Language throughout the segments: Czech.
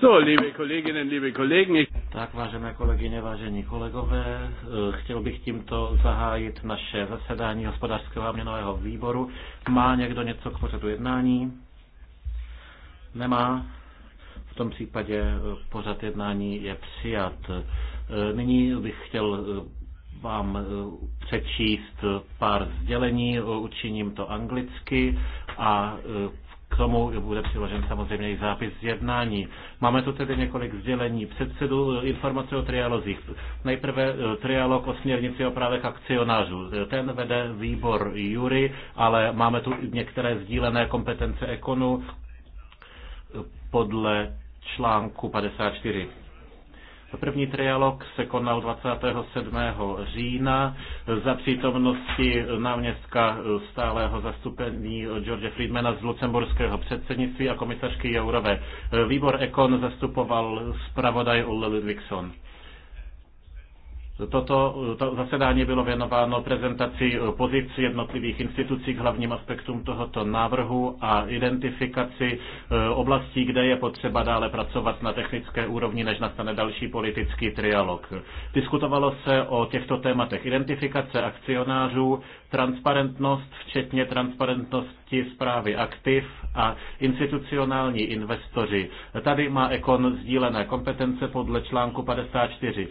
So, liebe Kolleginnen, liebe Kollegen. Tak, vážené kolegyně, vážení kolegové, eh, chtěl bych tímto zahájit naše zasedání hospodářského a měnového výboru. Má někdo něco k pořadu jednání? Nemá. V tom případě eh, pořad jednání je přijat. Eh, nyní bych chtěl vám přečíst pár sdělení, učiním to anglicky a k tomu bude přiložen samozřejmě i zápis z jednání. Máme tu tedy několik sdělení předsedů eh, informace o trialozích. Nejprve eh, trialog o směrnici o právech akcionářů. Ten vede výbor Jury, ale máme tu některé sdílené kompetence ekonu eh, podle článku 54. První trialog se konal 27. října za přítomnosti náměstka stálého zastupení George Friedmana z lucemburského předsednictví a komisařky Jourové. Výbor Ekon zastupoval zpravodaj Ulle Ludvigson. Toto to zasedání bylo věnováno prezentaci pozic jednotlivých institucí k hlavním aspektům tohoto návrhu a identifikaci eh, oblastí, kde je potřeba dále pracovat na technické úrovni, než nastane další politický trialog. Diskutovalo se o těchto tématech identifikace akcionářů, transparentnost, včetně transparentnosti zprávy aktiv a institucionální investoři. Tady má Ekon sdílené kompetence podle článku 54.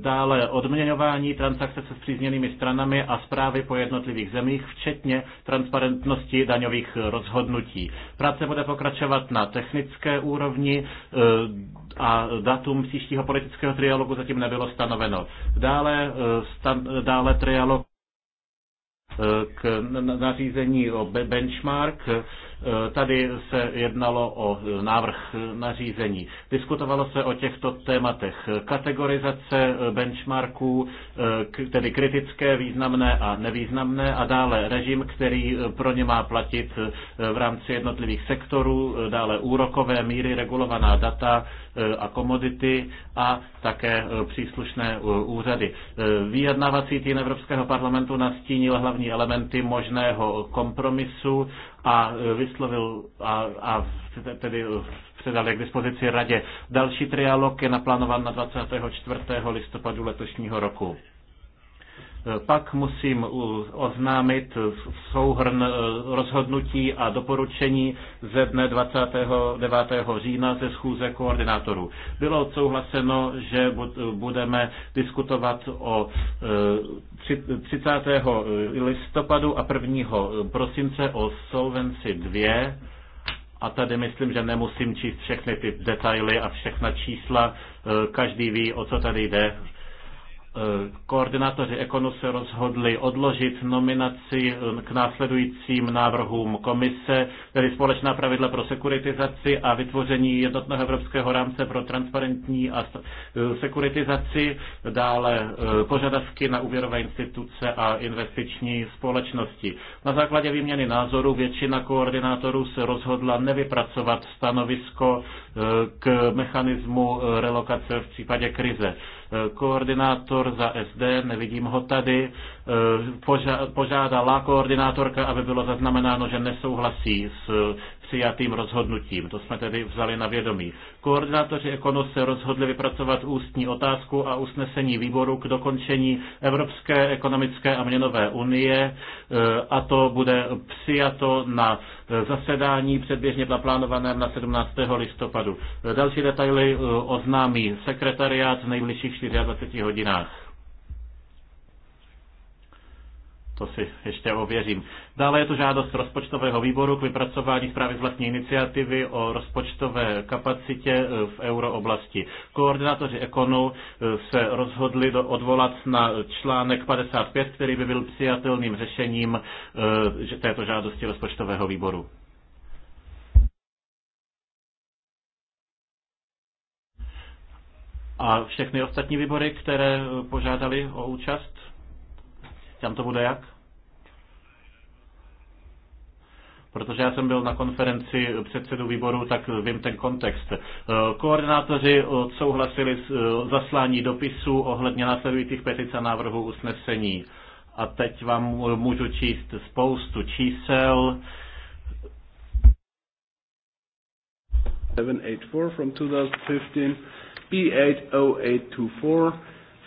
Dále odměňování transakce se zpřízněnými stranami a zprávy po jednotlivých zemích, včetně transparentnosti daňových rozhodnutí. Práce bude pokračovat na technické úrovni eh, a datum příštího politického trialogu zatím nebylo stanoveno. Dále, eh, stan, dále trialog k nařízení o benchmark Eh, tady se jednalo o eh, návrh nařízení. Diskutovalo se o těchto tématech. Kategorizace eh, benchmarků, tedy kritické, významné a nevýznamné a dále režim, který pro ně má platit v rámci jednotlivých sektorů, dále úrokové míry, regulovaná data a komodity a také příslušné úřady. Vyjednávací tým Evropského parlamentu nastínil hlavní elementy možného kompromisu a e, vyslovil a, a tedy předal k dispozici radě. Další trialog je naplánován na 24. listopadu letošního roku. Pak musím oznámit souhrn eh, rozhodnutí a doporučení ze dne 29. října ze schůze koordinátorů. Bylo odsouhlaseno, že budeme diskutovat o 30. Eh, eh, listopadu a 1. prosince o Solvency 2. A tady myslím, že nemusím číst všechny ty detaily a všechna čísla. Každý ví, o co tady jde Eh, koordinátoři Ekonu se rozhodli odložit nominaci eh, k následujícím návrhům komise, tedy společná pravidla pro sekuritizaci a vytvoření jednotného evropského rámce pro transparentní a eh, sekuritizaci, dále požadavky na úvěrové instituce a investiční společnosti. Na základě výměny názorů většina koordinátorů se rozhodla nevypracovat stanovisko k mechanismu relokace v případě krize. Koordinátor za SD, nevidím ho tady, eh, požádala koordinátorka, aby bylo zaznamenáno, že nesouhlasí s přijatým rozhodnutím. To jsme tedy vzali na vědomí. Koordinátoři Ekonu se rozhodli vypracovat ústní otázku a usnesení výboru k dokončení Evropské ekonomické a měnové unie e, a to bude přijato na e, zasedání předběžně naplánovaném na 17. listopadu. E, další detaily oznámí sekretariát v nejbližších 24 hodinách. to si ještě ověřím. Dále je to žádost rozpočtového výboru k vypracování zprávy z vlastní iniciativy o rozpočtové kapacitě e, v eurooblasti. Koordinátoři Ekonu e, se rozhodli do odvolat na článek 55, který by byl přijatelným řešením e, této žádosti rozpočtového výboru. A všechny ostatní výbory, které požádali o účast tam to bude jak? protože já jsem byl na konferenci předsedu výboru, tak vím ten kontext. Eh, koordinátoři odsouhlasili eh, zaslání dopisů ohledně následujících petic a návrhů usnesení. A teď vám můžu číst spoustu čísel. 784 from 2015, P80824,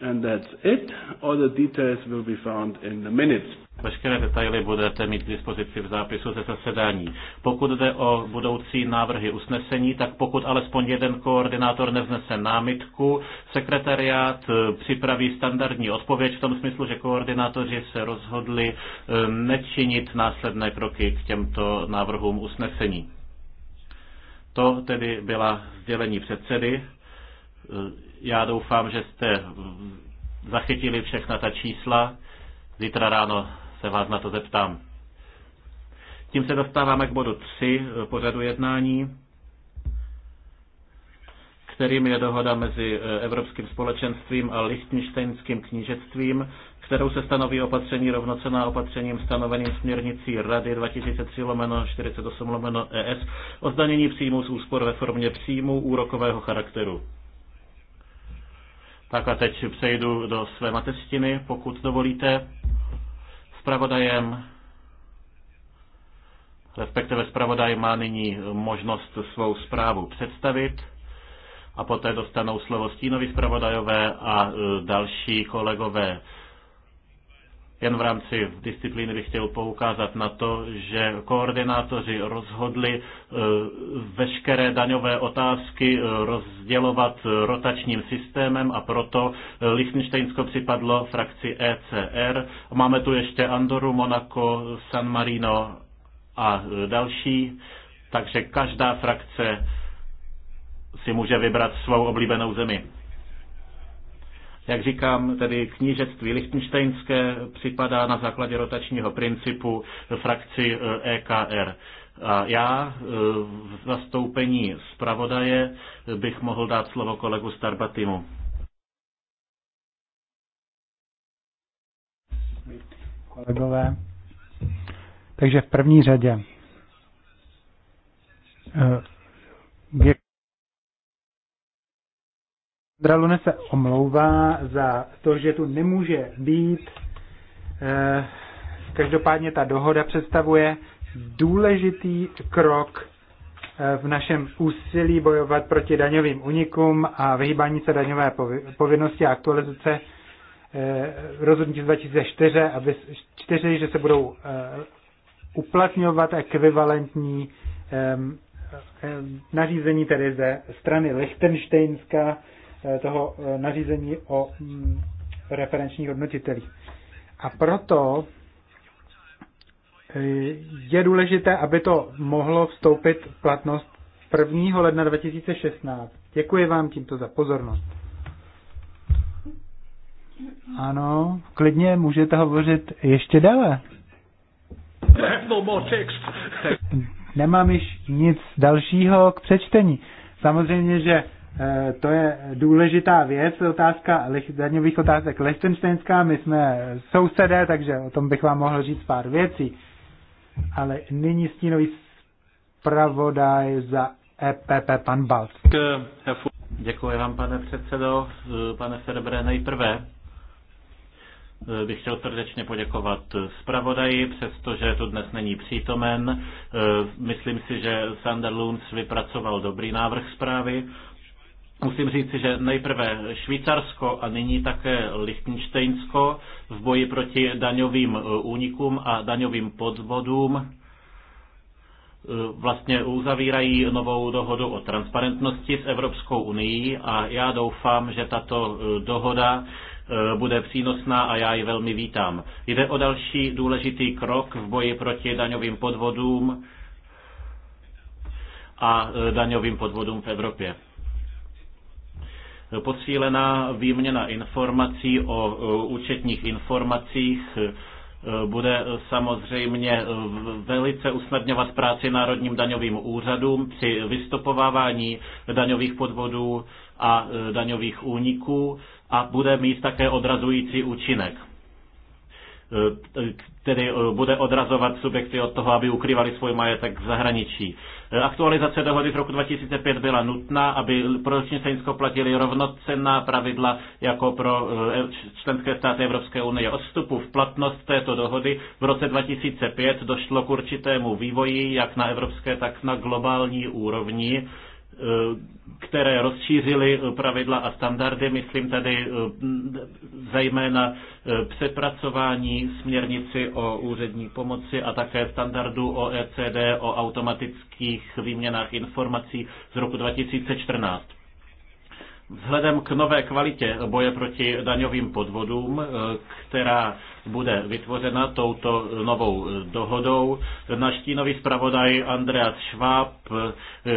And that's it. All the details will be found in the minutes. Veškeré detaily budete mít k dispozici v zápisu ze zasedání. Pokud jde o budoucí návrhy usnesení, tak pokud alespoň jeden koordinátor nevznese námitku, sekretariát eh, připraví standardní odpověď v tom smyslu, že koordinátoři se rozhodli eh, nečinit následné kroky k těmto návrhům usnesení. To tedy byla sdělení předsedy. Eh, já doufám, že jste zachytili všechna ta čísla. Zítra ráno se vás na to zeptám. Tím se dostáváme k bodu 3 eh, pořadu jednání, kterým je dohoda mezi eh, Evropským společenstvím a Lichtensteinským knížectvím, kterou se stanoví opatření rovnocená opatřením stanoveným směrnicí Rady 2003 lomeno 48 lomeno ES o zdanění příjmů z úspor ve formě příjmů úrokového charakteru. Tak a teď přejdu do své mateřštiny, pokud dovolíte. Spravodajem, respektive spravodaj má nyní možnost svou zprávu představit a poté dostanou slovo stínoví zpravodajové a e, další kolegové jen v rámci disciplíny bych chtěl poukázat na to, že koordinátoři rozhodli e, veškeré daňové otázky e, rozdělovat rotačním systémem a proto e, Lichtensteinsko připadlo frakci ECR. Máme tu ještě Andoru, Monaco, San Marino a další, takže každá frakce si může vybrat svou oblíbenou zemi. Jak říkám, tedy knížectví Lichtensteinské připadá na základě rotačního principu frakci EKR. Eh, e A já eh, v zastoupení zpravodaje bych mohl dát slovo kolegu Starbatimu. Kolegové, takže v první řadě eh, je Sandra se omlouvá za to, že tu nemůže být. Eh, každopádně ta dohoda představuje důležitý krok eh, v našem úsilí bojovat proti daňovým unikům a vyhýbání se daňové povinnosti a aktualizace eh, rozhodnutí z 2004, aby, čtyři, že se budou uplatňovat ekvivalentní nařízení tedy ze strany Lichtensteinska Eh, toho eh, nařízení o mm, referenčních hodnotitelích. A proto eh, je důležité, aby to mohlo vstoupit v platnost 1. ledna 2016. Děkuji vám tímto za pozornost. Ano, klidně můžete hovořit ještě dále. No Nemám již nic dalšího k přečtení. Samozřejmě, že Eh, to je důležitá věc, otázka daňových otázek Lichtensteinská. My jsme sousedé, takže o tom bych vám mohl říct pár věcí. Ale nyní stínový zpravodaj za EPP, pan Balc. Děkuji vám, pane předsedo. Pane Ferbre, nejprve eh, bych chtěl srdečně poděkovat zpravodaji, přestože tu dnes není přítomen. Eh, myslím si, že Sander Luns vypracoval dobrý návrh zprávy Musím říci, že nejprve Švýcarsko a nyní také Lichtensteinsko v boji proti daňovým e, únikům a daňovým podvodům e, vlastně uzavírají novou dohodu o transparentnosti s Evropskou unii a já doufám, že tato e, dohoda bude přínosná a já ji velmi vítám. Jde o další důležitý krok v boji proti daňovým podvodům a daňovým podvodům v Evropě. Posílená výměna informací o e, účetních informacích e, bude samozřejmě velice usnadňovat práci národním daňovým úřadům při vystopovávání daňových podvodů a e, daňových úniků a bude mít také odrazující účinek který eh, bude odrazovat subjekty od toho, aby ukrývali svůj majetek v zahraničí. Eh, aktualizace dohody z roku 2005 byla nutná, aby pro Čínsko platili rovnocenná pravidla jako pro eh, členské státy Evropské unie. Od vstupu v platnost této dohody v roce 2005 došlo k určitému vývoji jak na evropské, tak na globální úrovni Eh, které rozšířily eh, pravidla a standardy, myslím tady eh, zejména přepracování směrnici o úřední pomoci a také standardu OECD o automatických výměnách informací z roku 2014. Vzhledem k nové kvalitě boje proti daňovým podvodům, která bude vytvořena touto novou dohodou. Naš stínový zpravodaj Andreas Schwab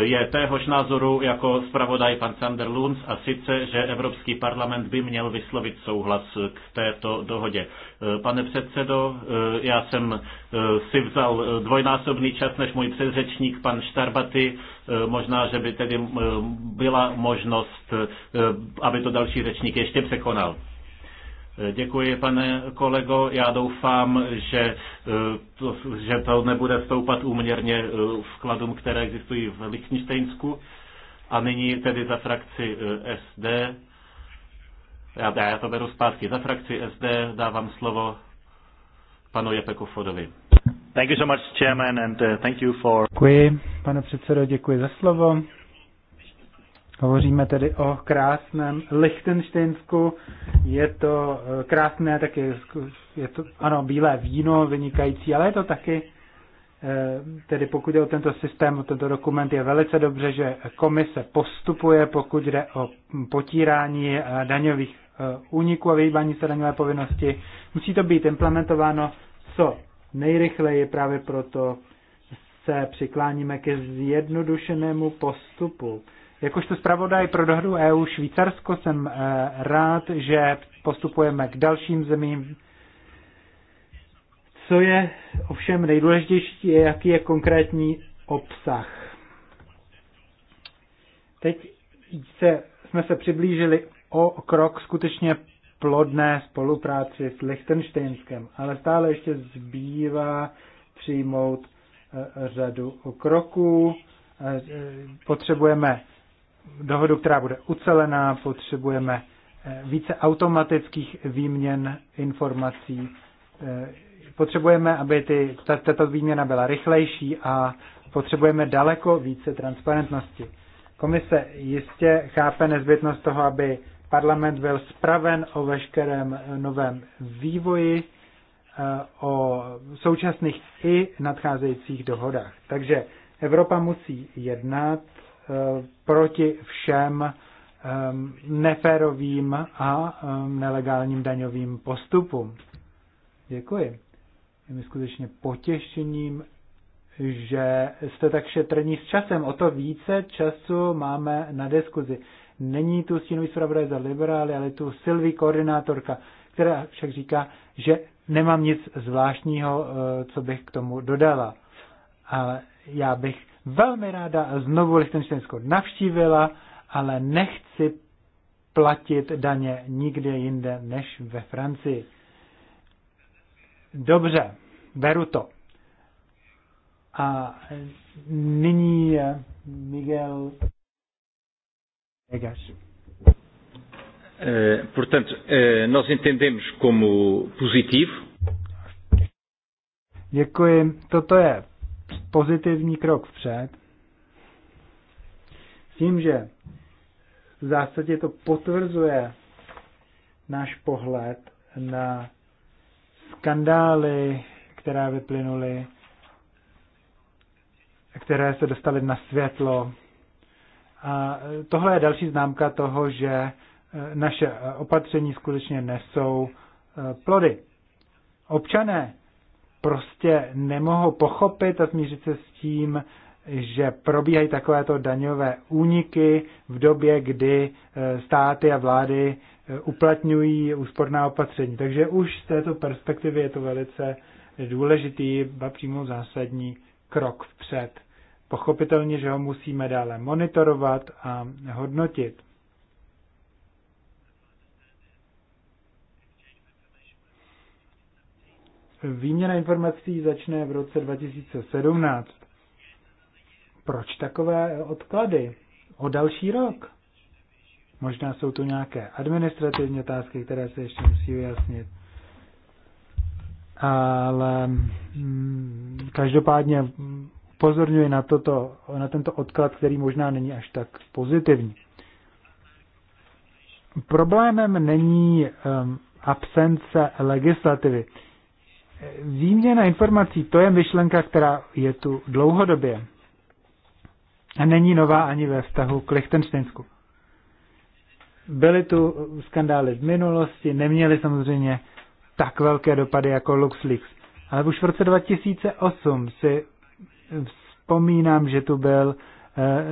je téhož názoru jako zpravodaj pan Sander Lunds a sice, že Evropský parlament by měl vyslovit souhlas k této dohodě. Pane předsedo, já jsem si vzal dvojnásobný čas než můj předřečník pan Štarbaty. Možná, že by tedy byla možnost, aby to další řečník ještě překonal. Děkuji, pane kolego. Já doufám, že eh, to, že to nebude stoupat úměrně eh, vkladům, které existují v Lichtensteinsku. A nyní tedy za frakci eh, SD. Já, já to beru zpátky. Za frakci SD dávám slovo panu Jepeku Fodovi. Thank you so much, Chairman, and thank you for... Děkuji, pane předsedo, děkuji za slovo. Hovoříme tedy o krásném Lichtensteinsku. Je to eh, krásné taky, je to, ano, bílé víno, vynikající, ale je to taky, eh, tedy pokud je o tento systém, o tento dokument, je velice dobře, že komise postupuje, pokud jde o potírání eh, daňových úniků a vyhýbání se daňové povinnosti. Musí to být implementováno co nejrychleji, právě proto se přikláníme ke zjednodušenému postupu Jakožto zpravodaj pro dohodu EU Švýcarsko jsem eh, rád, že postupujeme k dalším zemím. Co je ovšem nejdůležitější, je jaký je konkrétní obsah. Teď se, jsme se přiblížili o krok skutečně plodné spolupráci s Lichtensteinskem, ale stále ještě zbývá přijmout eh, řadu kroků. Eh, potřebujeme dohodu, která bude ucelená, potřebujeme eh, více automatických výměn informací. Eh, potřebujeme, aby ty, tato výměna byla rychlejší a potřebujeme daleko více transparentnosti. Komise jistě chápe nezbytnost toho, aby parlament byl spraven o veškerém novém vývoji, eh, o současných i nadcházejících dohodách. Takže Evropa musí jednat proti všem ehm, neférovým a ehm, nelegálním daňovým postupům. Děkuji. Je mi skutečně potěšením, že jste tak šetrní s časem. O to více času máme na diskuzi. Není tu stínový zpravodaj za liberály, ale tu Silví koordinátorka, která však říká, že nemám nic zvláštního, eh, co bych k tomu dodala. Ale já bych velmi ráda znovu Lichtensteinsko navštívila, ale nechci platit daně nikde jinde než ve Francii. Dobře, beru to. A nyní Miguel Vegas. Eh, portanto, eh, nós entendemos como positivo. Děkuji. Toto je pozitivní krok vpřed, s tím, že v zásadě to potvrzuje náš pohled na skandály, které vyplynuly, které se dostaly na světlo. A tohle je další známka toho, že e, naše e, opatření skutečně nesou e, plody. Občané prostě nemohou pochopit a smířit se s tím, že probíhají takovéto daňové úniky v době, kdy e, státy a vlády e, uplatňují úsporná opatření. Takže už z této perspektivy je to velice důležitý, ba přímo zásadní krok vpřed. Pochopitelně, že ho musíme dále monitorovat a hodnotit. Výměna informací začne v roce 2017. Proč takové odklady? O další rok? Možná jsou tu nějaké administrativní otázky, které se ještě musí vyjasnit. Ale mm, každopádně upozorňuji na, toto, na tento odklad, který možná není až tak pozitivní. Problémem není um, absence legislativy výměna informací, to je myšlenka, která je tu dlouhodobě. A není nová ani ve vztahu k Lichtensteinsku. Byly tu skandály v minulosti, neměly samozřejmě tak velké dopady jako LuxLeaks. Ale už v roce 2008 si vzpomínám, že tu byl e,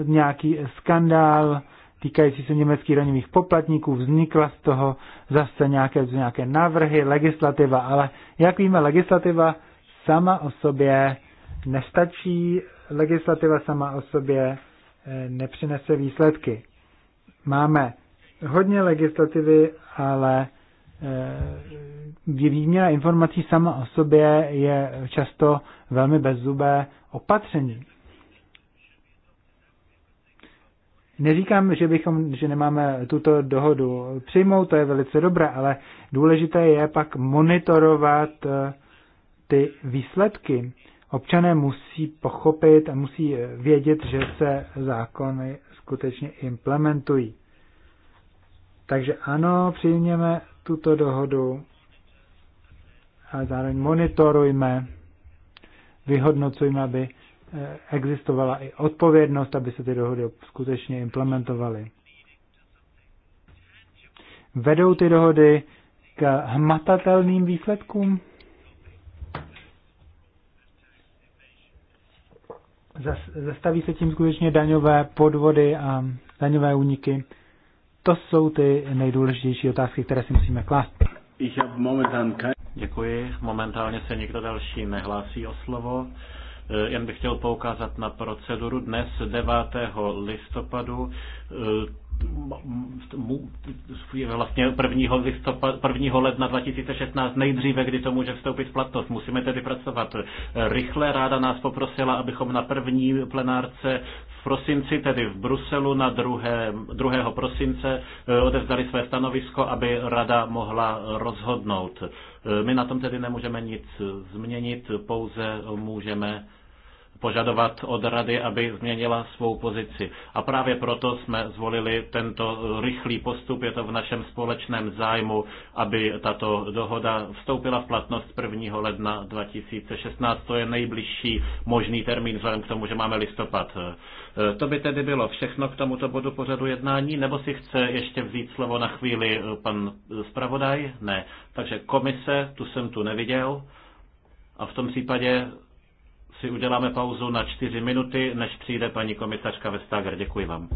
nějaký skandál týkající se německých daňových poplatníků, vznikla z toho zase nějaké, nějaké návrhy, legislativa, ale jak víme, legislativa sama o sobě nestačí, legislativa sama o sobě eh, nepřinese výsledky. Máme hodně legislativy, ale eh, výměna informací sama o sobě je často velmi bezzubé opatření. Neříkám, že, bychom, že nemáme tuto dohodu přijmout, to je velice dobré, ale důležité je pak monitorovat eh, ty výsledky. Občané musí pochopit a musí eh, vědět, že se zákony skutečně implementují. Takže ano, přijměme tuto dohodu a zároveň monitorujme, vyhodnocujme, aby existovala i odpovědnost, aby se ty dohody skutečně implementovaly. Vedou ty dohody k hmatatelným výsledkům? Zastaví se tím skutečně daňové podvody a daňové úniky? To jsou ty nejdůležitější otázky, které si musíme klást. Děkuji. Momentálně se nikdo další nehlásí o slovo. Eh, jen bych chtěl poukázat na proceduru dnes 9. listopadu eh, vlastně 1. Listopad, 1. ledna 2016 nejdříve, kdy to může vstoupit v platnost. Musíme tedy pracovat eh, rychle. Ráda nás poprosila, abychom na první plenárce prosinci, tedy v Bruselu na 2. 2. prosince odevzdali své stanovisko, aby rada mohla rozhodnout. My na tom tedy nemůžeme nic změnit, pouze můžeme požadovat od rady, aby změnila svou pozici. A právě proto jsme zvolili tento rychlý postup, je to v našem společném zájmu, aby tato dohoda vstoupila v platnost 1. ledna 2016. To je nejbližší možný termín vzhledem k tomu, že máme listopad. To by tedy bylo všechno k tomuto bodu pořadu jednání, nebo si chce ještě vzít slovo na chvíli pan zpravodaj? Ne. Takže komise, tu jsem tu neviděl. A v tom případě si uděláme pauzu na čtyři minuty, než přijde paní komisařka Vestager. Děkuji vám.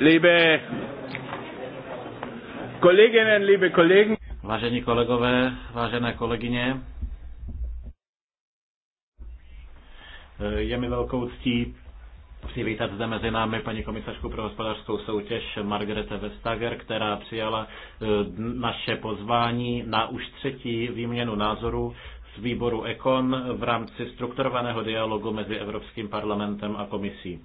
Liebe Kolleginnen, liebe Kollegen. Vážení kolegové, vážené kolegyně, je mi velkou ctí přivítat zde mezi námi paní komisařku pro hospodářskou soutěž Margarete Vestager, která přijala eh, naše pozvání na už třetí výměnu názorů z výboru Ekon v rámci strukturovaného dialogu mezi Evropským parlamentem a komisí.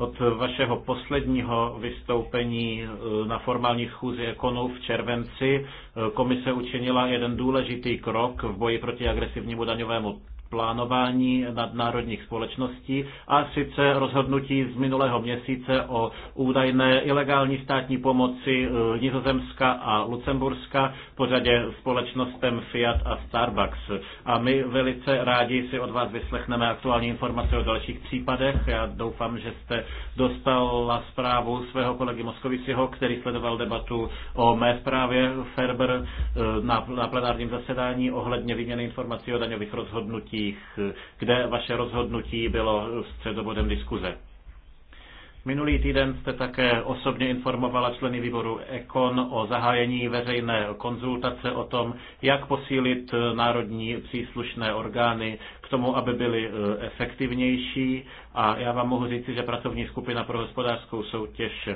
Od vašeho posledního vystoupení eh, na formální schůzi Ekonu v červenci eh, komise učinila jeden důležitý krok v boji proti agresivnímu daňovému plánování nadnárodních společností a sice rozhodnutí z minulého měsíce o údajné ilegální státní pomoci eh, Nizozemska a Lucemburska po řadě společnostem Fiat a Starbucks. A my velice rádi si od vás vyslechneme aktuální informace o dalších případech. Já doufám, že jste dostala zprávu svého kolegy Moskoviciho, který sledoval debatu o mé zprávě Ferber eh, na, na plenárním zasedání ohledně výměny informací o daňových rozhodnutí médiích, kde vaše rozhodnutí bylo středobodem diskuze. Minulý týden jste také osobně informovala členy výboru Ekon o zahájení veřejné konzultace o tom, jak posílit národní příslušné orgány k tomu, aby byly e, efektivnější. A já vám mohu říci, že pracovní skupina pro hospodářskou soutěž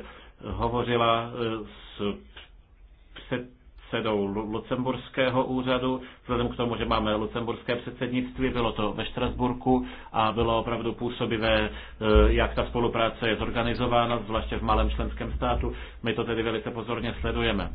hovořila e, s před předsedou Lucemburského úřadu. Vzhledem k tomu, že máme lucemburské předsednictví, bylo to ve Štrasburku a bylo opravdu působivé, e, jak ta spolupráce je zorganizována, zvláště v malém členském státu. My to tedy velice pozorně sledujeme.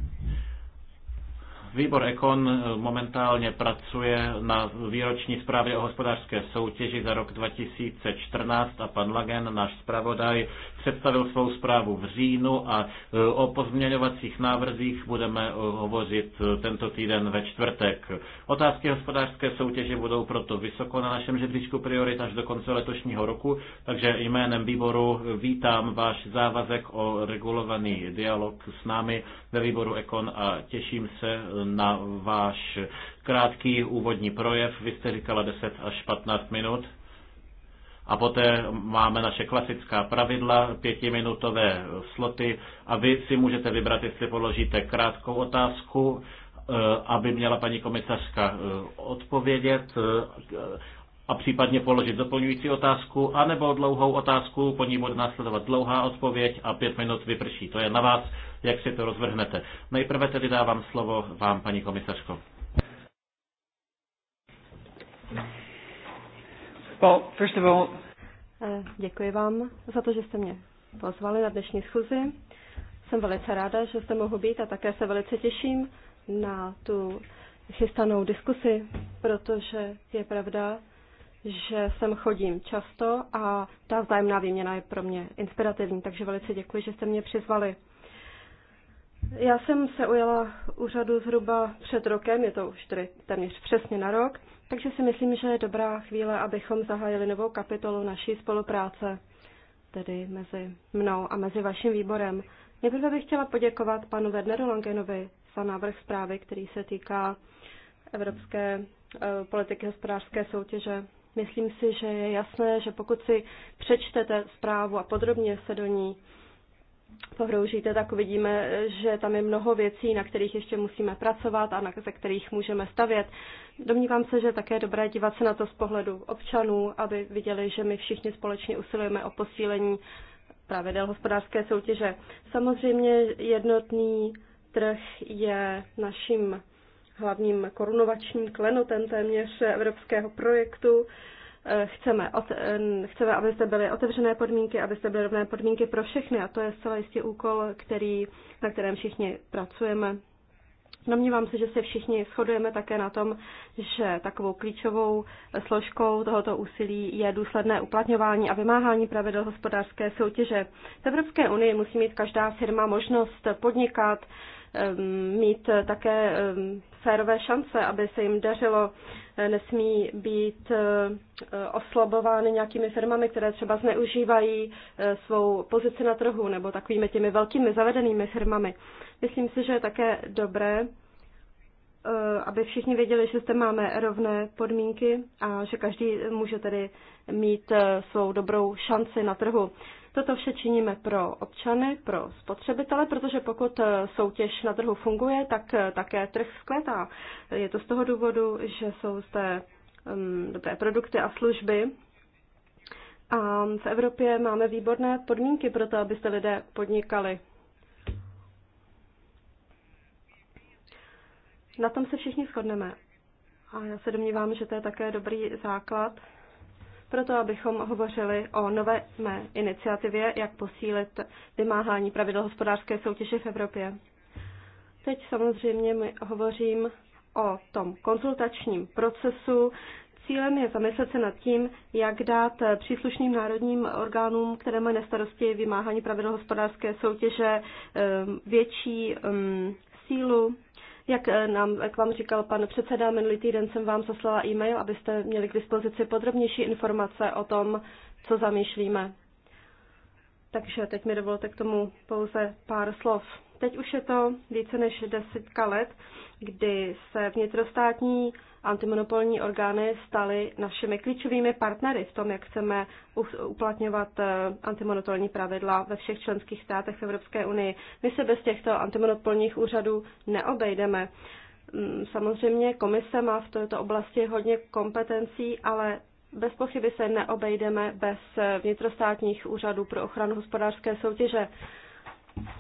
Výbor Ekon e, momentálně pracuje na výroční zprávě o hospodářské soutěži za rok 2014 a pan Lagen, náš zpravodaj, představil svou zprávu v říjnu a e, o pozměňovacích návrzích budeme e, hovořit e, tento týden ve čtvrtek. Otázky hospodářské soutěže budou proto vysoko na našem žebříčku priorit až do konce letošního roku, takže jménem výboru vítám váš závazek o regulovaný dialog s námi ve výboru Ekon a těším se na váš krátký úvodní projev. Vy jste říkala 10 až 15 minut. A poté máme naše klasická pravidla, pětiminutové sloty a vy si můžete vybrat, jestli položíte krátkou otázku, eh, aby měla paní komisařka eh, odpovědět eh, a případně položit doplňující otázku, anebo dlouhou otázku, po ní bude následovat dlouhá odpověď a pět minut vyprší. To je na vás, jak si to rozvrhnete. Nejprve tedy dávám slovo vám, paní komisařko. Well, first of all... Eh, děkuji vám za to, že jste mě pozvali na dnešní schůzi. Jsem velice ráda, že jste mohu být a také se velice těším na tu chystanou diskusi, protože je pravda, že sem chodím často a ta vzájemná výměna je pro mě inspirativní, takže velice děkuji, že jste mě přizvali. Já jsem se ujela úřadu zhruba před rokem, je to už tedy téměř přesně na rok, takže si myslím, že je dobrá chvíle, abychom zahájili novou kapitolu naší spolupráce, tedy mezi mnou a mezi vaším výborem. Nejprve bych chtěla poděkovat panu Werneru Langenovi za návrh zprávy, který se týká evropské eh, politiky hospodářské soutěže. Myslím si, že je jasné, že pokud si přečtete zprávu a podrobně se do ní pohroužíte, tak vidíme, že tam je mnoho věcí, na kterých ještě musíme pracovat a na, ze kterých můžeme stavět. Domnívám se, že také je dobré dívat se na to z pohledu občanů, aby viděli, že my všichni společně usilujeme o posílení pravidel hospodářské soutěže. Samozřejmě jednotný trh je naším hlavním korunovačním klenotem téměř evropského projektu. Eh, chceme, eh, chceme, aby zde byly otevřené podmínky, aby zde byly rovné podmínky pro všechny a to je zcela jistě úkol, který, na kterém všichni pracujeme. Domnívám se, že se všichni shodujeme také na tom, že takovou klíčovou eh, složkou tohoto úsilí je důsledné uplatňování a vymáhání pravidel hospodářské soutěže. V Evropské unii musí mít každá firma možnost podnikat, Ehm, mít také ehm, férové šance, aby se jim dařilo, eh, nesmí být eh, oslabovány nějakými firmami, které třeba zneužívají eh, svou pozici na trhu nebo takovými těmi velkými zavedenými firmami. Myslím si, že je také dobré, aby všichni věděli, že zde máme rovné podmínky a že každý může tedy mít svou dobrou šanci na trhu. Toto vše činíme pro občany, pro spotřebitele, protože pokud eh, soutěž na trhu funguje, tak eh, také trh skvětá. Je to z toho důvodu, že jsou zde um, dobré produkty a služby. A v Evropě máme výborné podmínky pro to, abyste lidé podnikali. Na tom se všichni shodneme. A já se domnívám, že to je také dobrý základ proto abychom hovořili o nové mé iniciativě, jak posílit vymáhání pravidel hospodářské soutěže v Evropě. Teď samozřejmě my hovořím o tom konzultačním procesu. Cílem je zamyslet se nad tím, jak dát příslušným národním orgánům, které mají na starosti vymáhání pravidel hospodářské soutěže, eh, větší mm, sílu jak eh, nám, jak eh, vám říkal pan předseda, minulý týden jsem vám zaslala e-mail, abyste měli k dispozici podrobnější informace o tom, co zamýšlíme. Takže teď mi dovolte k tomu pouze pár slov. Teď už je to více než desetka let, kdy se vnitrostátní antimonopolní orgány staly našimi klíčovými partnery v tom, jak chceme uplatňovat eh, antimonopolní pravidla ve všech členských státech v Evropské unii. My se bez těchto antimonopolních úřadů neobejdeme. Mm, samozřejmě komise má v této oblasti hodně kompetencí, ale bez pochyby se neobejdeme bez eh, vnitrostátních úřadů pro ochranu hospodářské soutěže.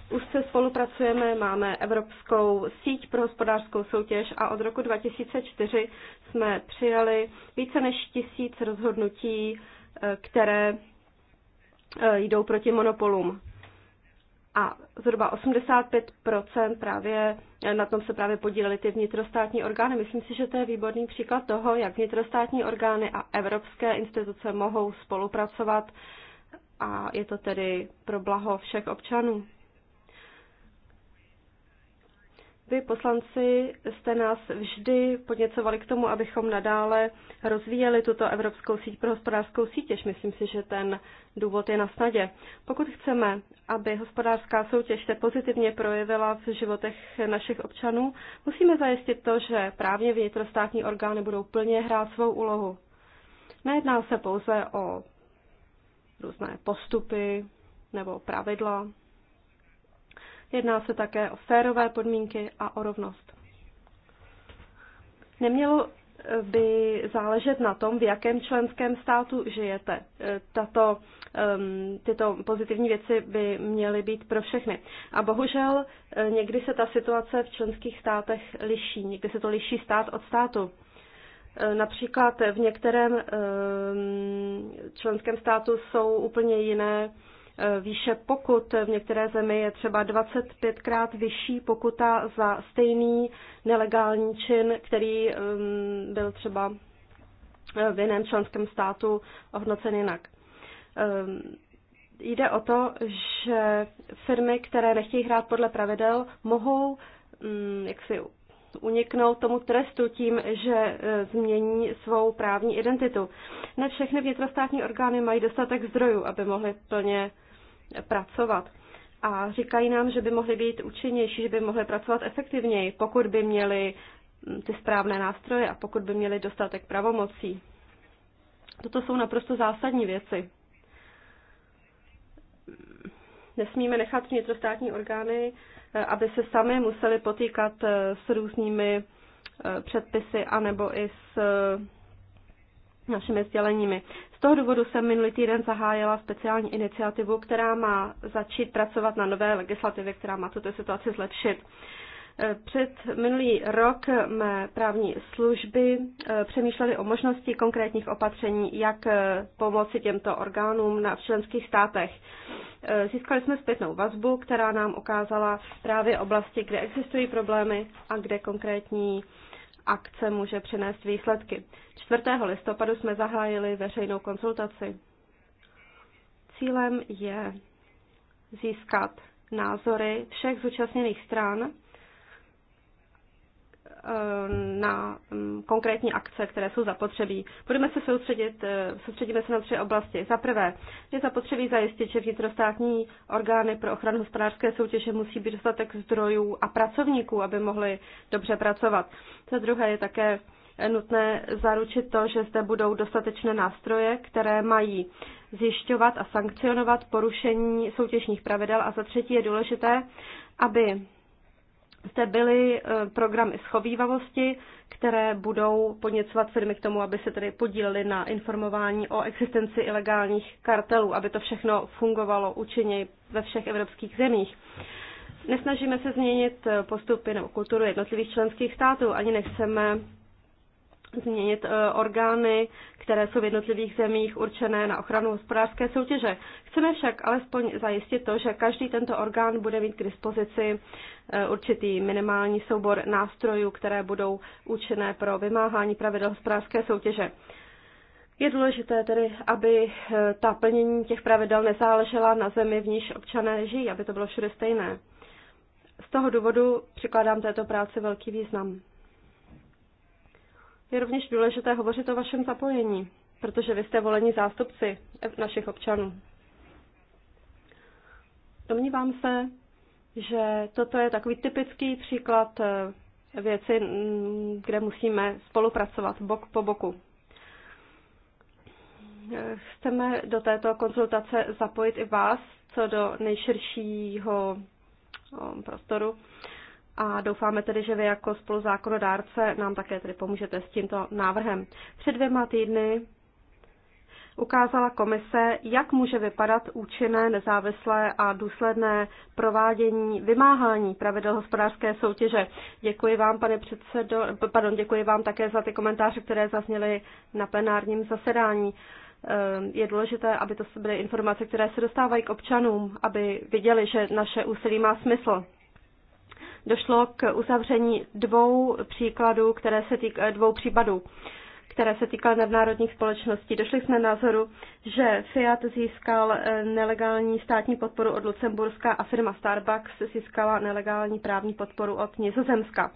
Už se spolupracujeme, máme Evropskou síť pro hospodářskou soutěž a od roku 2004 jsme přijali více než tisíc rozhodnutí, eh, které eh, jdou proti monopolům. A zhruba 85% právě eh, na tom se právě podílely ty vnitrostátní orgány. Myslím si, že to je výborný příklad toho, jak vnitrostátní orgány a evropské instituce mohou spolupracovat a je to tedy pro blaho všech občanů. Vy, poslanci, jste nás vždy podněcovali k tomu, abychom nadále rozvíjeli tuto Evropskou síť pro hospodářskou sítěž. Myslím si, že ten důvod je na snadě. Pokud chceme, aby hospodářská soutěž se pozitivně projevila v životech našich občanů, musíme zajistit to, že právně vnitrostátní orgány budou plně hrát svou úlohu. Nejedná se pouze o různé postupy nebo pravidla, Jedná se také o férové podmínky a o rovnost. Nemělo eh, by záležet na tom, v jakém členském státu žijete. Eh, tato, ehm, tyto pozitivní věci by měly být pro všechny. A bohužel eh, někdy se ta situace v členských státech liší, někdy se to liší stát od státu. Například v některém ehm, členském státu jsou úplně jiné Eh, výše pokut v některé zemi je třeba 25krát vyšší pokuta za stejný nelegální čin, který mm, byl třeba eh, v jiném členském státu ohnocen jinak. Eh, jde o to, že firmy, které nechtějí hrát podle pravidel, mohou mm, jak si uniknout tomu trestu tím, že změní svou právní identitu. Ne všechny vnitrostátní orgány mají dostatek zdrojů, aby mohly plně pracovat. A říkají nám, že by mohly být účinnější, že by mohly pracovat efektivněji, pokud by měli mm, ty správné nástroje a pokud by měli dostatek pravomocí. Toto jsou naprosto zásadní věci. Nesmíme nechat vnitrostátní orgány, eh, aby se sami museli potýkat eh, s různými eh, předpisy anebo i s našimi sděleními. Z toho důvodu jsem minulý týden zahájila speciální iniciativu, která má začít pracovat na nové legislativě, která má tuto situaci zlepšit. Eh, před minulý rok mé právní služby eh, přemýšlely o možnosti konkrétních opatření, jak eh, pomoci těmto orgánům na v členských státech. Získali jsme zpětnou vazbu, která nám ukázala právě oblasti, kde existují problémy a kde konkrétní akce může přinést výsledky. 4. listopadu jsme zahájili veřejnou konzultaci. Cílem je získat názory všech zúčastněných stran Eh, na mm, konkrétní akce, které jsou zapotřebí. Budeme se soustředit, eh, soustředíme se na tři oblasti. Za prvé, je zapotřebí zajistit, že vnitrostátní orgány pro ochranu hospodářské soutěže musí být dostatek zdrojů a pracovníků, aby mohli dobře pracovat. Za druhé je také nutné zaručit to, že zde budou dostatečné nástroje, které mají zjišťovat a sankcionovat porušení soutěžních pravidel. A za třetí je důležité, aby zde byly eh, programy schovývavosti, které budou podněcovat firmy k tomu, aby se tedy podílely na informování o existenci ilegálních kartelů, aby to všechno fungovalo účinně ve všech evropských zemích. Nesnažíme se změnit eh, postupy nebo kulturu jednotlivých členských států, ani nechceme změnit eh, orgány, které jsou v jednotlivých zemích určené na ochranu hospodářské soutěže. Chceme však alespoň zajistit to, že každý tento orgán bude mít k dispozici Eh, určitý minimální soubor nástrojů, které budou účinné pro vymáhání pravidel hospodářské soutěže. Je důležité tedy, aby eh, ta plnění těch pravidel nezáležela na zemi, v níž občané žijí, aby to bylo všude stejné. Z toho důvodu přikládám této práci velký význam. Je rovněž důležité hovořit o vašem zapojení, protože vy jste volení zástupci našich občanů. Domnívám se, že toto je takový typický příklad eh, věci, mm, kde musíme spolupracovat bok po boku. Eh, chceme do této konzultace zapojit i vás co do nejširšího eh, prostoru a doufáme tedy, že vy jako spoluzákonodárce nám také tedy pomůžete s tímto návrhem. Před dvěma týdny ukázala komise, jak může vypadat účinné, nezávislé a důsledné provádění vymáhání pravidel hospodářské soutěže. Děkuji vám, pane předsedo, pardon, děkuji vám také za ty komentáře, které zazněly na plenárním zasedání. Ehm, je důležité, aby to byly informace, které se dostávají k občanům, aby viděli, že naše úsilí má smysl došlo k uzavření dvou příkladů, které se týkají dvou případů, které se týkaly nadnárodních společností. Došli jsme názoru, že Fiat získal eh, nelegální státní podporu od Lucemburska a firma Starbucks získala nelegální právní podporu od Nizozemska.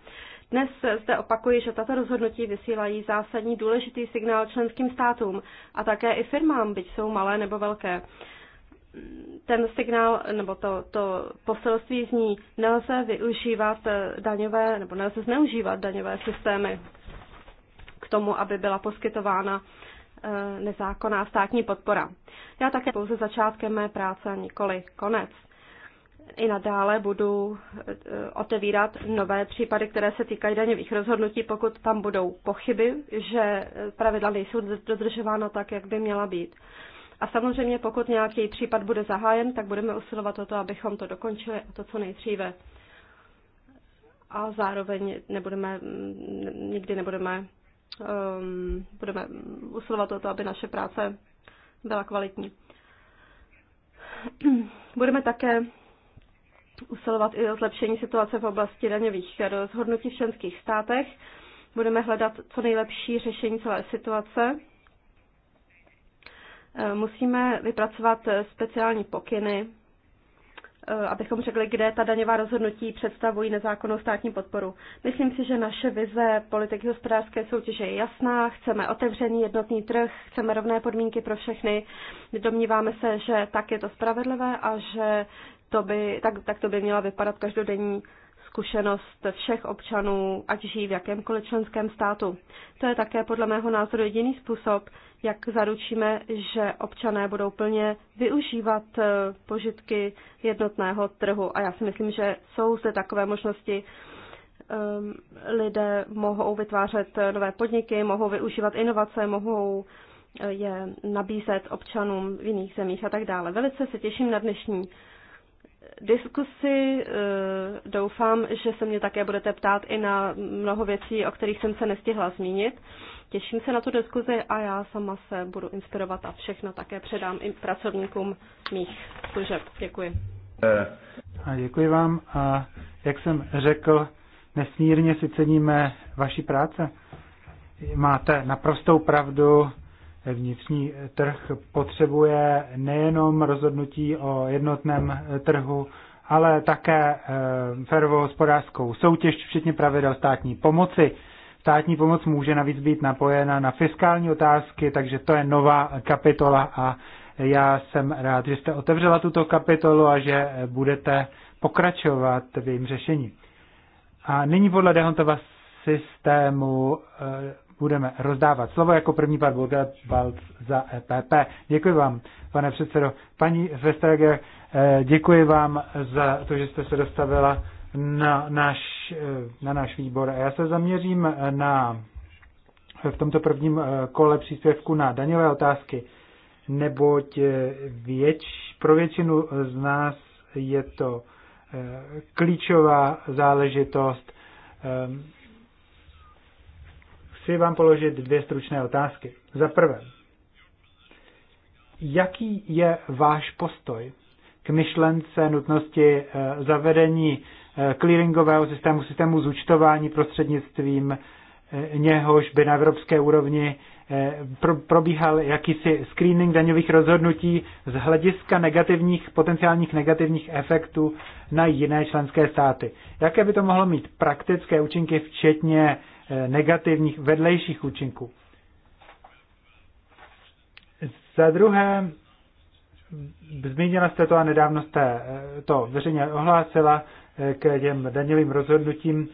Dnes zde opakuji, že tato rozhodnutí vysílají zásadní důležitý signál členským státům a také i firmám, byť jsou malé nebo velké ten signál nebo to, to poselství zní, nelze využívat eh, daňové nebo nelze zneužívat daňové systémy tomu, aby byla poskytována eh, nezákonná státní podpora. Já také pouze začátkem mé práce, nikoli konec. I nadále budu eh, otevírat nové případy, které se týkají daňových rozhodnutí, pokud tam budou pochyby, že eh, pravidla nejsou dodržována tak, jak by měla být. A samozřejmě, pokud nějaký případ bude zahájen, tak budeme usilovat o to, abychom to dokončili a to co nejdříve. A zároveň nebudeme, mm, nikdy nebudeme um, budeme usilovat o to, aby naše práce byla kvalitní. Budeme také usilovat i o zlepšení situace v oblasti daňových rozhodnutí v členských státech. Budeme hledat co nejlepší řešení celé situace. Ehm, musíme vypracovat speciální pokyny Eh, abychom řekli, kde ta daňová rozhodnutí představují nezákonnou státní podporu. Myslím si, že naše vize politiky hospodářské soutěže je jasná, chceme otevřený jednotný trh, chceme rovné podmínky pro všechny, domníváme se, že tak je to spravedlivé a že to by, tak, tak to by měla vypadat každodenní zkušenost všech občanů, ať žijí v jakémkoliv členském státu. To je také podle mého názoru jediný způsob, jak zaručíme, že občané budou plně využívat eh, požitky jednotného trhu. A já si myslím, že jsou zde takové možnosti, ehm, lidé mohou vytvářet eh, nové podniky, mohou využívat inovace, mohou eh, je nabízet občanům v jiných zemích a tak dále. Velice se těším na dnešní diskusi. Eh, doufám, že se mě také budete ptát i na mnoho věcí, o kterých jsem se nestihla zmínit. Těším se na tu diskuzi a já sama se budu inspirovat a všechno také předám i pracovníkům mých služeb. Děkuji. Eh. A děkuji vám a jak jsem řekl, nesmírně si ceníme vaší práce. Máte naprostou pravdu vnitřní trh potřebuje nejenom rozhodnutí o jednotném eh, trhu, ale také eh, férovou hospodářskou soutěž, včetně pravidel státní pomoci. Státní pomoc může navíc být napojena na fiskální otázky, takže to je nová kapitola a já jsem rád, že jste otevřela tuto kapitolu a že eh, budete pokračovat v jejím řešení. A nyní podle Dehontova systému budeme rozdávat. Slovo jako první pan Bulgarbald za EPP. Děkuji vám, pane předsedo. Paní Vestager, eh, děkuji vám za to, že jste se dostavila na náš, eh, na náš výbor. já se zaměřím eh, na v tomto prvním kole příspěvku na daňové otázky, neboť věč, pro většinu z nás je to klíčová záležitost chci vám položit dvě stručné otázky. Za prvé, jaký je váš postoj k myšlence nutnosti eh, zavedení eh, clearingového systému, systému zúčtování prostřednictvím eh, něhož by na evropské úrovni probíhal jakýsi screening daňových rozhodnutí z hlediska negativních, potenciálních negativních efektů na jiné členské státy. Jaké by to mohlo mít praktické účinky, včetně Eh, negativních vedlejších účinků. Za druhé, zmínila jste to a nedávno jste eh, to veřejně ohlásila eh, k těm daňovým rozhodnutím,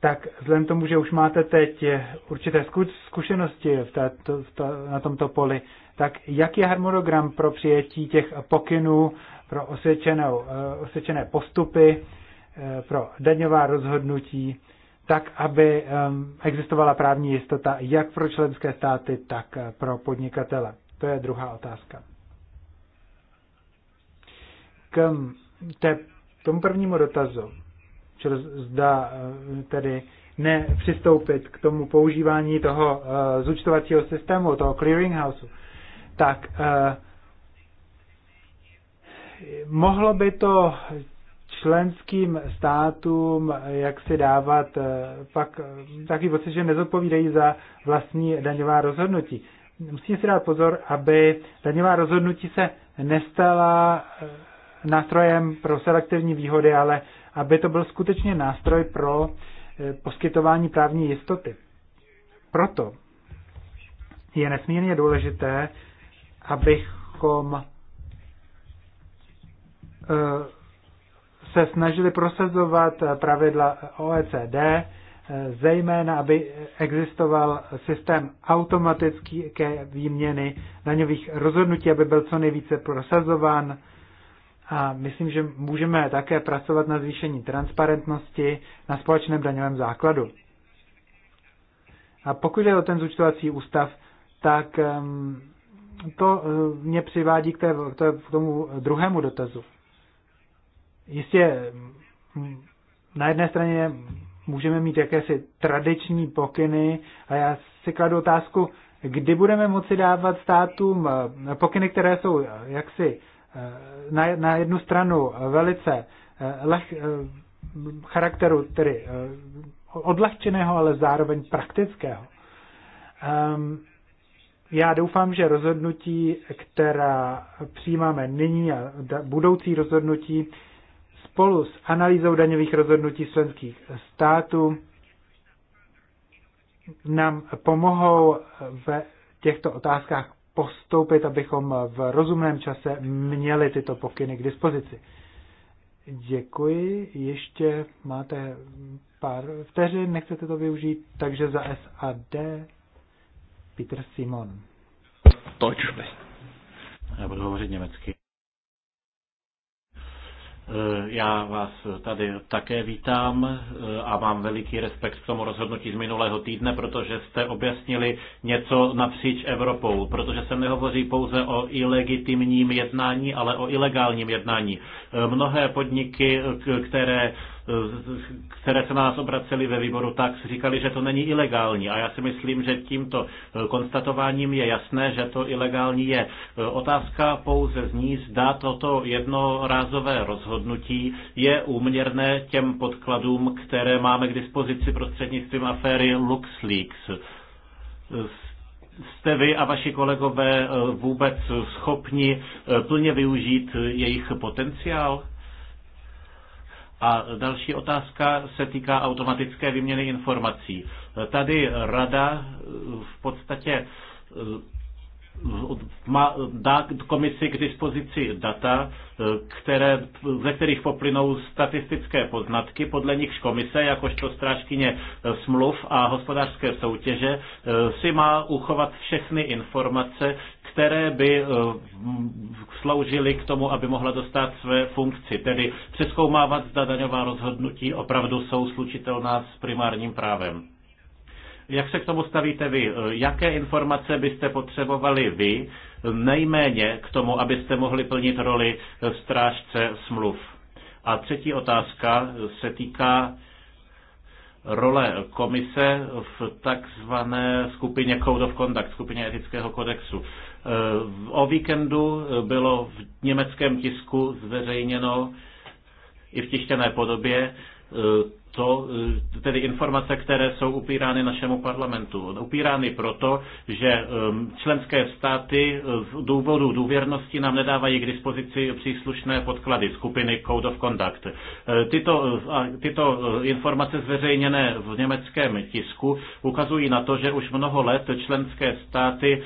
tak vzhledem tomu, že už máte teď určité zkušenosti v této, v to, na tomto poli, tak jak je harmonogram pro přijetí těch pokynů pro osvědčené postupy, pro daňová rozhodnutí tak, aby existovala právní jistota jak pro členské státy, tak eh, pro podnikatele. To je druhá otázka. K té, tomu prvnímu dotazu, čili zda eh, tedy nepřistoupit k tomu používání toho eh, zúčtovacího systému, toho clearinghouse, tak mohlo by to členským státům jak si dávat pak eh, eh, takový pocit, že nezodpovídají za vlastní daňová rozhodnutí. Musíme si dát pozor, aby daňová rozhodnutí se nestala eh, nástrojem pro selektivní výhody, ale aby to byl skutečně nástroj pro poskytování právní jistoty. Proto je nesmírně důležité, abychom se snažili prosazovat pravidla OECD, eh, zejména aby existoval systém automatické výměny daňových rozhodnutí, aby byl co nejvíce prosazován. A myslím, že můžeme také pracovat na zvýšení transparentnosti na společném daňovém základu. A pokud je o ten zúčtovací ústav, tak ehm, to eh, mě přivádí k, té, k tomu druhému dotazu. Jistě na jedné straně můžeme mít jakési tradiční pokyny a já si kladu otázku, kdy budeme moci dávat státům eh, pokyny, které jsou eh, jaksi eh, na, jednu stranu velice leh, charakteru, tedy odlehčeného, ale zároveň praktického. Ehm, já doufám, že rozhodnutí, která přijímáme nyní a budoucí rozhodnutí, spolu s analýzou daňových rozhodnutí členských států nám pomohou v těchto otázkách postoupit, abychom v rozumném čase měli tyto pokyny k dispozici. Děkuji. Ještě máte pár vteřin, nechcete to využít, takže za SAD Peter Simon. Točme. Já budu hovořit německy. Eh, já vás tady také vítám eh, a mám veliký respekt k tomu rozhodnutí z minulého týdne, protože jste objasnili něco napříč Evropou, protože se nehovoří pouze o ilegitimním jednání, ale o ilegálním jednání. Eh, mnohé podniky, které které se na nás obraceli ve výboru tak, říkali, že to není ilegální. A já si myslím, že tímto eh, konstatováním je jasné, že to ilegální je. Eh, otázka pouze zní, zda toto jednorázové rozhodnutí je úměrné těm podkladům, které máme k dispozici prostřednictvím aféry LuxLeaks eh, jste vy a vaši kolegové vůbec schopni plně využít jejich potenciál? A další otázka se týká automatické výměny informací. Tady rada v podstatě eh, má, dá komisi k dispozici data, eh, které, ze kterých poplynou statistické poznatky, podle nichž komise, jakožto strážkyně eh, smluv a hospodářské soutěže, si má uchovat všechny informace, které by eh, sloužily k tomu, aby mohla dostat své funkci, tedy přeskoumávat, zda daňová rozhodnutí opravdu jsou slučitelná s primárním právem. Jak se k tomu stavíte vy? Eh, jaké informace byste potřebovali vy nejméně k tomu, abyste mohli plnit roli eh, strážce smluv? A třetí otázka se týká role komise v takzvané skupině Code of Conduct, skupině etického kodexu. E, o víkendu bylo v německém tisku zveřejněno i v tištěné podobě e, to, eh, tedy informace, které jsou upírány našemu parlamentu. Upírány proto, že ehm, členské státy z eh, důvodu důvěrnosti nám nedávají k dispozici příslušné podklady skupiny Code of Conduct. Eh, tyto, tyto informace zveřejněné v německém tisku ukazují na to, že už mnoho let členské státy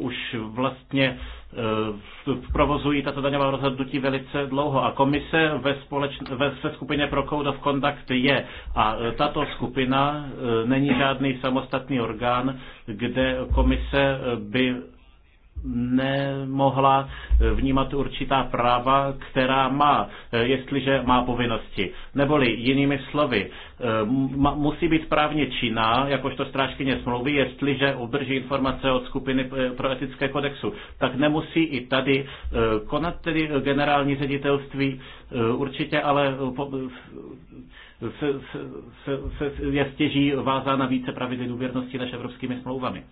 už vlastně Eh, provozují tato daňová rozhodnutí velice dlouho a komise ve, společn- ve, ve skupině pro Code of Conduct je a eh, tato skupina eh, není žádný samostatný orgán, kde komise by nemohla vnímat určitá práva, která má, jestliže má povinnosti. Neboli jinými slovy, musí být právně činná, jakožto strážkyně smlouvy, jestliže obdrží informace od skupiny pro etické kodexu. Tak nemusí i tady konat tedy generální ředitelství, určitě ale se, se, se, se je stěží vázána více pravidly důvěrnosti než evropskými smlouvami.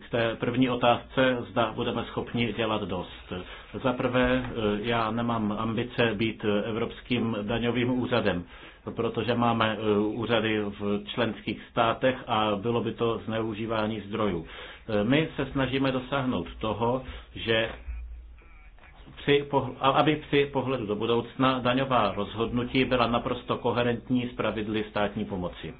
K té první otázce, zda budeme schopni dělat dost. Za prvé, e, já nemám ambice být Evropským daňovým úřadem protože máme e, úřady v členských státech a bylo by to zneužívání zdrojů. E, my se snažíme dosáhnout toho, že při, aby při pohledu do budoucna daňová rozhodnutí byla naprosto koherentní s pravidly státní pomoci.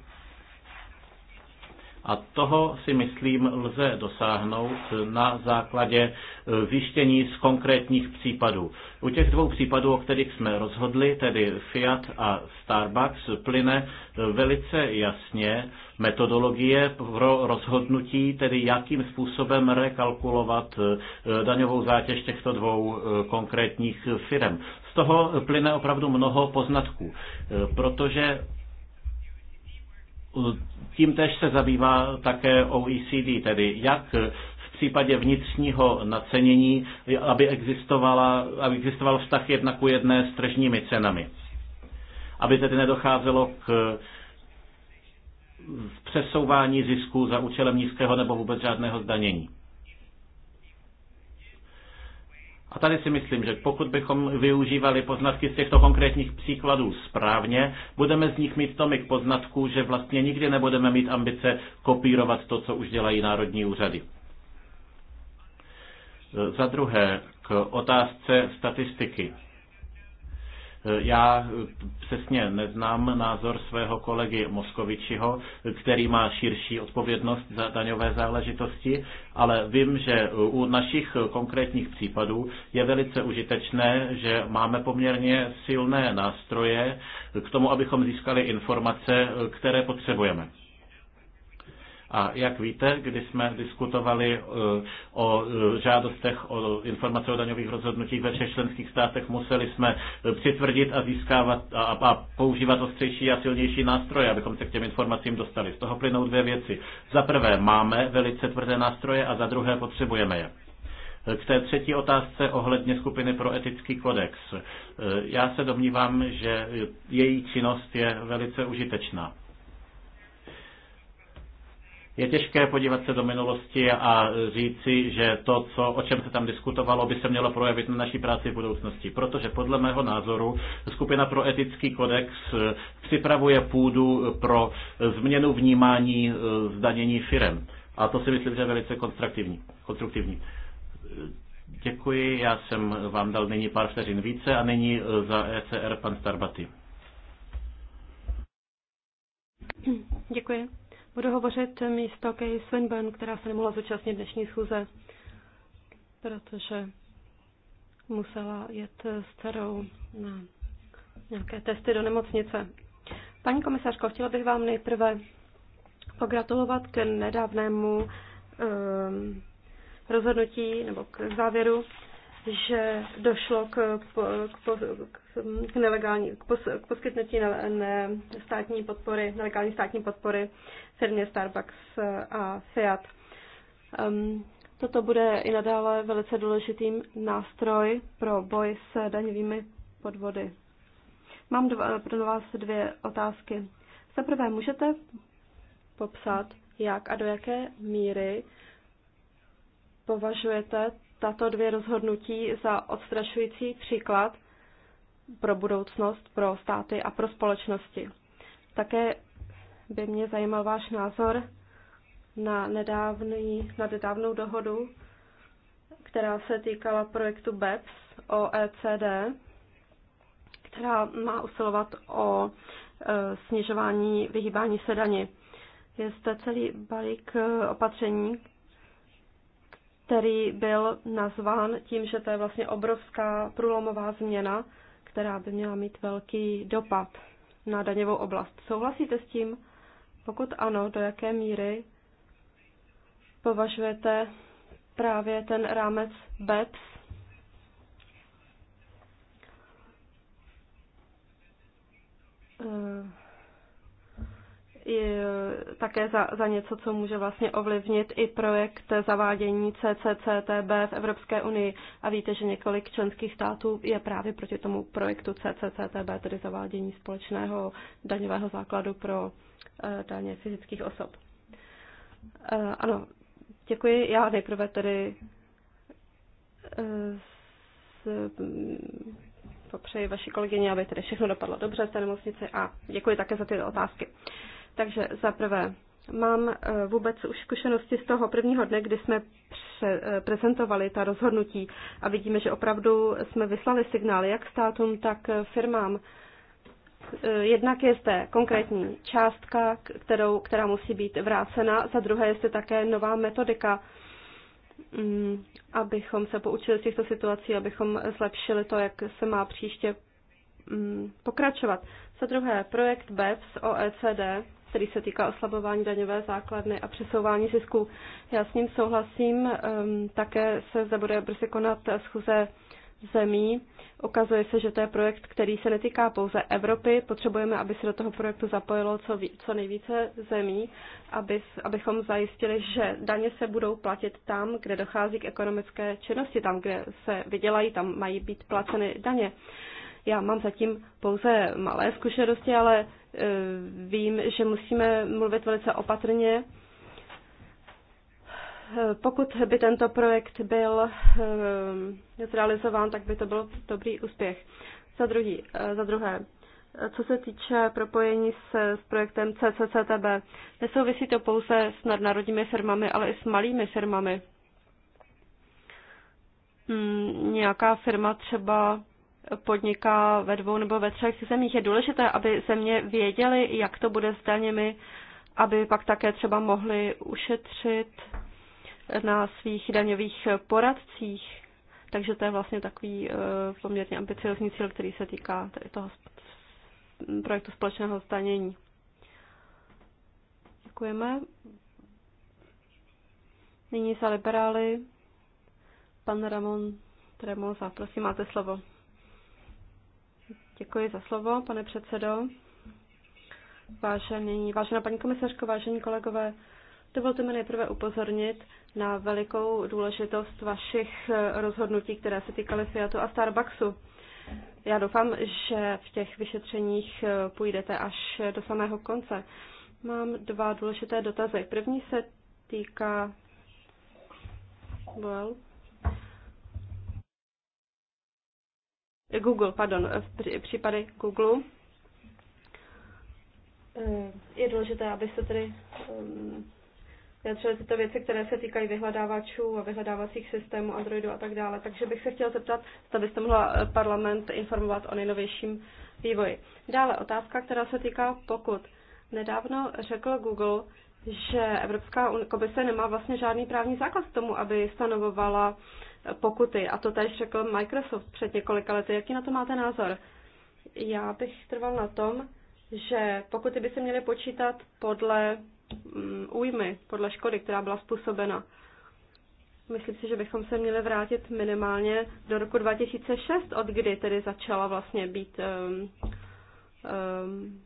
A toho si myslím lze dosáhnout na základě eh, zjištění z konkrétních případů. U těch dvou případů, o kterých jsme rozhodli, tedy Fiat a Starbucks, plyne eh, velice jasně metodologie pro rozhodnutí, tedy jakým způsobem rekalkulovat eh, daňovou zátěž těchto dvou konkrétních firm. Z toho plyne opravdu mnoho poznatků, protože tím tež se zabývá také OECD, tedy jak v případě vnitřního nacenění, aby, existovala, aby existoval vztah jedna ku jedné s tržními cenami. Aby tedy nedocházelo k přesouvání zisků za účelem nízkého nebo vůbec žádného zdanění. A tady si myslím, že pokud bychom využívali poznatky z těchto konkrétních příkladů správně, budeme z nich mít tomik poznatků, že vlastně nikdy nebudeme mít ambice kopírovat to, co už dělají národní úřady. Za druhé, k otázce statistiky. Eh, já eh, přesně neznám názor svého kolegy Moskovičiho, který má širší odpovědnost za daňové záležitosti, ale vím, že eh, u našich konkrétních případů je velice užitečné, že máme poměrně silné nástroje k tomu, abychom získali informace, které potřebujeme. A jak víte, když jsme diskutovali e, o e, žádostech o informace o daňových rozhodnutích ve všech členských státech, museli jsme e, přitvrdit a získávat a, a používat ostřejší a silnější nástroje, abychom se k těm informacím dostali. Z toho plynou dvě věci. Za prvé máme velice tvrdé nástroje a za druhé potřebujeme je. K té třetí otázce ohledně skupiny pro etický kodex. Já se domnívám, že její činnost je velice užitečná. Je těžké podívat se do minulosti a říci, že to, co, o čem se tam diskutovalo, by se mělo projevit na naší práci v budoucnosti. Protože podle mého názoru skupina pro etický kodex eh, připravuje půdu pro změnu vnímání eh, zdanění firem. A to si myslím, že je velice konstruktivní. konstruktivní. Děkuji, já jsem vám dal nyní pár vteřin více a nyní eh, za ECR pan Starbaty. Děkuji. Budu hovořit místo Kay Swinburne, která se nemohla zúčastnit dnešní schůze, protože musela jet s dcerou na nějaké testy do nemocnice. Paní komisařko, chtěla bych vám nejprve pogratulovat k nedávnému um, rozhodnutí nebo k závěru že došlo k, k, k, nelegální, k, pos, k poskytnutí ne, ne, státní podpory, nelegální státní podpory firmě Starbucks a Fiat. Um, toto bude i nadále velice důležitým nástroj pro boj s daňovými podvody. Mám dva, pro vás dvě otázky. Za prvé, můžete popsat, jak a do jaké míry považujete tato dvě rozhodnutí za odstrašující příklad pro budoucnost, pro státy a pro společnosti. Také by mě zajímal váš názor na, nedávný, na nedávnou dohodu, která se týkala projektu BEPS o ECD, která má usilovat o e, snižování vyhýbání se Je zde celý balík e, opatření, který byl nazván tím, že to je vlastně obrovská průlomová změna, která by měla mít velký dopad na daňovou oblast. Souhlasíte s tím? Pokud ano, do jaké míry považujete právě ten rámec BEPS eh, i e, také za, za něco, co může vlastně ovlivnit i projekt zavádění CCCTB v Evropské unii. A víte, že několik členských států je právě proti tomu projektu CCCTB, tedy zavádění společného daňového základu pro e, daně fyzických osob. E, ano, děkuji. Já nejprve tedy popřeji vaší kolegyně, aby tedy všechno dopadlo dobře v té nemocnici a děkuji také za ty otázky. Takže za prvé, mám eh, vůbec už zkušenosti z toho prvního dne, kdy jsme pře- eh, prezentovali ta rozhodnutí a vidíme, že opravdu jsme vyslali signály jak státům, tak eh, firmám. Jednak je zde konkrétní částka, kterou, která musí být vrácena, za druhé je zde také nová metodika, mm, abychom se poučili z těchto situací, abychom zlepšili to, jak se má příště mm, pokračovat. Za druhé, projekt BEPS OECD který se týká oslabování daňové základny a přesouvání zisku. Já s ním souhlasím. Ehm, také se zde bude brzy konat schůze zemí. Ukazuje se, že to je projekt, který se netýká pouze Evropy. Potřebujeme, aby se do toho projektu zapojilo co, ví, co nejvíce zemí, aby, abychom zajistili, že daně se budou platit tam, kde dochází k ekonomické činnosti, tam, kde se vydělají, tam mají být placeny daně. Já mám zatím pouze malé zkušenosti, ale Eh, vím, že musíme mluvit velice opatrně. Eh, pokud by tento projekt byl eh, zrealizován, tak by to byl dobrý úspěch. Za, druhý, za druhé, co se týče propojení s, s projektem CCCTB, nesouvisí to pouze s nadnárodními firmami, ale i s malými firmami. Hmm, nějaká firma třeba podniká ve dvou nebo ve třech zemích. Je důležité, aby země věděly, jak to bude s daněmi, aby pak také třeba mohli ušetřit na svých daňových poradcích. Takže to je vlastně takový eh, poměrně ambiciozní cíl, který se týká tady toho projektu společného zdanění. Děkujeme. Nyní za liberály pan Ramon Tremosa. Prosím, máte slovo. Děkuji za slovo, pane předsedo. Vážený, vážená paní komisařko, vážení kolegové, dovolte mi nejprve upozornit na velikou důležitost vašich eh, rozhodnutí, které se týkaly Fiatu a Starbucksu. Já doufám, že v těch vyšetřeních eh, půjdete až do samého konce. Mám dva důležité dotazy. První se týká well, Google, pardon, v případy Google. Eh, je důležité, aby se tedy ehm, vyjadřily tyto věci, které se týkají vyhledávačů a vyhledávacích systémů Androidu a tak dále. Takže bych se chtěla zeptat, zda byste mohla eh, parlament informovat o nejnovějším vývoji. Dále otázka, která se týká pokud. Nedávno řekl Google, že Evropská komise nemá vlastně žádný právní základ k tomu, aby stanovovala uh, pokuty. A to tež řekl Microsoft před několika lety. Jaký na to máte názor? Já bych trval na tom, že pokuty by se měly počítat podle um, újmy, podle škody, která byla způsobena. Myslím si, že bychom se měli vrátit minimálně do roku 2006, od kdy tedy začala vlastně být um, um,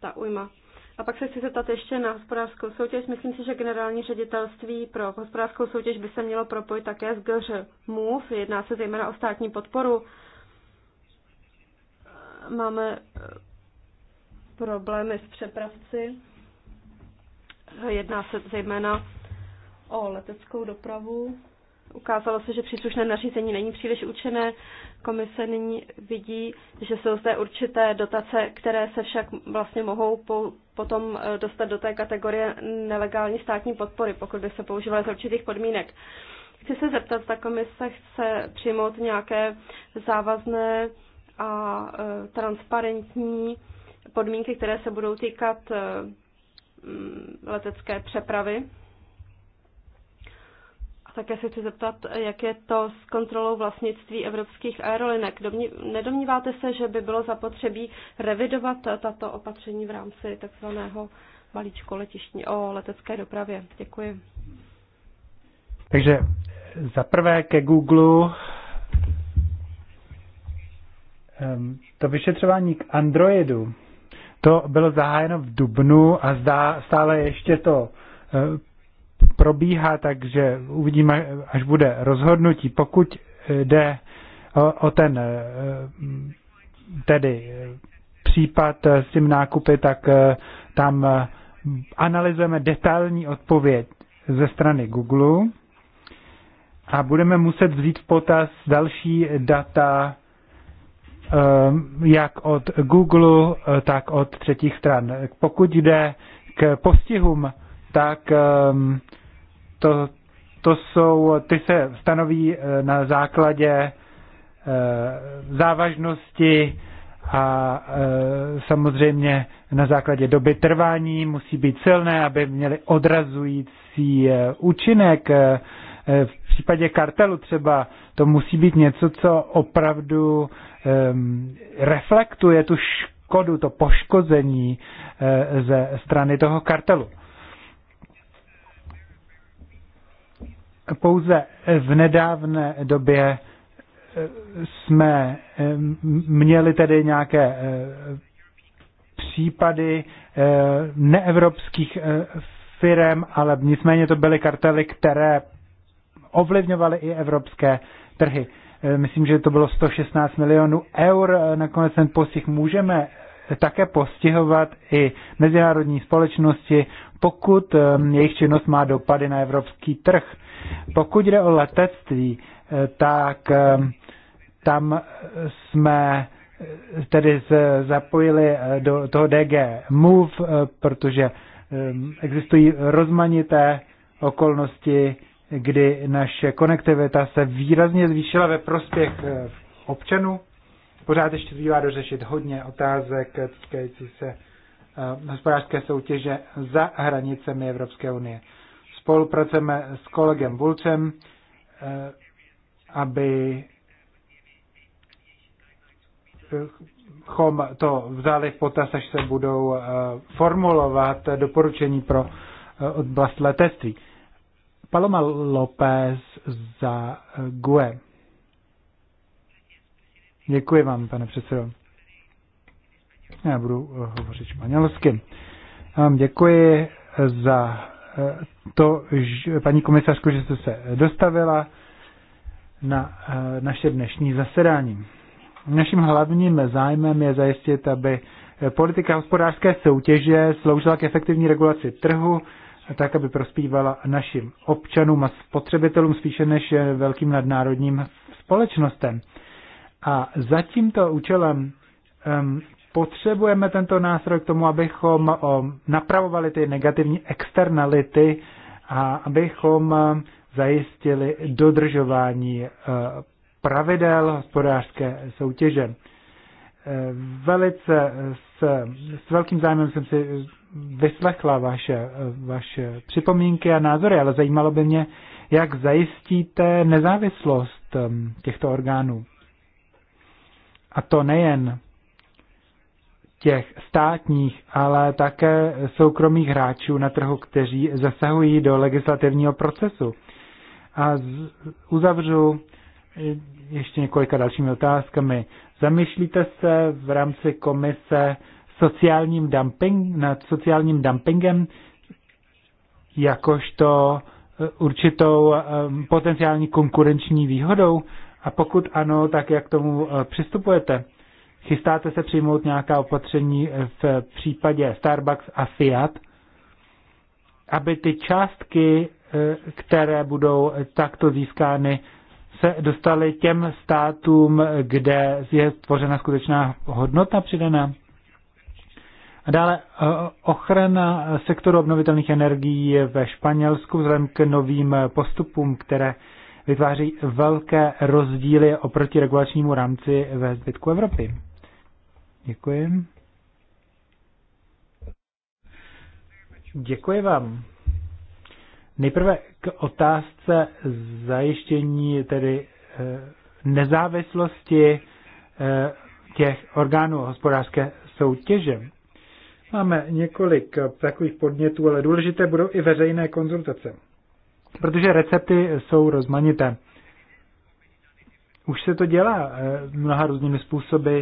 ta újma. A pak se chci zeptat ještě na hospodářskou soutěž. Myslím si, že generální ředitelství pro hospodářskou soutěž by se mělo propojit také s GŘ MOVE. Jedná se zejména o státní podporu. Máme eh, problémy s přepravci. Jedná se zejména o leteckou dopravu ukázalo se, že příslušné nařízení není příliš účinné. Komise nyní vidí, že jsou zde určité dotace, které se však vlastně mohou po, potom eh, dostat do té kategorie nelegální státní podpory, pokud by se používaly z určitých podmínek. Chci se zeptat, ta komise chce přijmout nějaké závazné a eh, transparentní podmínky, které se budou týkat eh, mm, letecké přepravy také se chci zeptat, jak je to s kontrolou vlastnictví evropských aerolinek. nedomníváte se, že by bylo zapotřebí revidovat tato opatření v rámci takzvaného balíčku letištní o letecké dopravě? Děkuji. Takže za prvé ke Google. Ehm, to vyšetřování k Androidu, to bylo zahájeno v Dubnu a zdá, stále ještě to eh, probíhá, takže uvidíme, až bude rozhodnutí. Pokud jde o, o ten e, tedy případ e, s tím nákupy, tak e, tam analyzujeme detailní odpověď ze strany Google a budeme muset vzít v potaz další data jak od Google, tak od třetích stran. Pokud jde k postihům, tak to, to jsou, ty se stanoví eh, na základě eh, závažnosti a eh, samozřejmě na základě doby trvání musí být silné, aby měly odrazující účinek. V případě kartelu třeba to musí být něco, co opravdu ehm, reflektuje tu škodu, to poškození ze strany toho kartelu. pouze v nedávné době eh, jsme eh, měli tedy nějaké eh, případy neevropských firm, ale nicméně to byly kartely, které ovlivňovaly i evropské trhy. Myslím, že to bylo 116 milionů eur. Nakonec ten postih můžeme také postihovat i mezinárodní společnosti, pokud jejich činnost má dopady na evropský trh. Pokud jde o letectví, eh, tak eh, tam jsme eh, tedy zapojili do toho DG Move, protože existují rozmanité okolnosti, kdy naše konektivita se výrazně zvýšila ve prospěch občanů. Pořád ještě zbývá dořešit hodně otázek týkající se hospodářské soutěže za hranicemi Evropské unie spolupracujeme s kolegem Vulcem, eh, aby eh, chom to vzali v potaz, až se budou eh, formulovat doporučení pro oblast letectví. Paloma López za GUE. Děkuji vám, pane předsedo. Já budu hovořit španělsky. Děkuji za to, paní komisařku, že jste se dostavila na eh, naše dnešní zasedání. Naším hlavním zájmem je zajistit, aby politika hospodářské soutěže sloužila k efektivní regulaci trhu, tak, aby prospívala našim občanům a spotřebitelům spíše než velkým nadnárodním společnostem. A za tímto účelem potřebujeme tento nástroj k tomu, abychom napravovali ty negativní externality a abychom e, zajistili dodržování e, pravidel hospodářské soutěže. E, velice s, s velkým zájmem jsem si vyslechla vaše, vaše připomínky a názory, ale zajímalo by mě, jak zajistíte nezávislost těchto orgánů. A to nejen těch státních, ale také soukromých hráčů na trhu, kteří zasahují do legislativního procesu. A uzavřu ještě několika dalšími otázkami. Zamýšlíte se v rámci komise sociálním dumping, nad sociálním dumpingem jakožto eh, určitou eh, potenciální konkurenční výhodou? A pokud ano, tak jak tomu eh, přistupujete? Chystáte se přijmout nějaká opatření v případě Starbucks a Fiat, aby ty částky, e, které budou takto získány, se dostaly těm státům, kde je tvořena skutečná hodnota přidaná? A dále e, ochrana sektoru obnovitelných energií ve Španělsku vzhledem k novým postupům, které vytváří velké rozdíly oproti regulačnímu rámci ve zbytku Evropy. Děkuji. Děkuji vám. Nejprve k otázce zajištění tedy eh, nezávislosti eh, těch orgánů hospodářské soutěže. Máme několik takových podnětů, ale důležité budou i veřejné konzultace, protože recepty jsou rozmanité. Už se to dělá eh, mnoha různými způsoby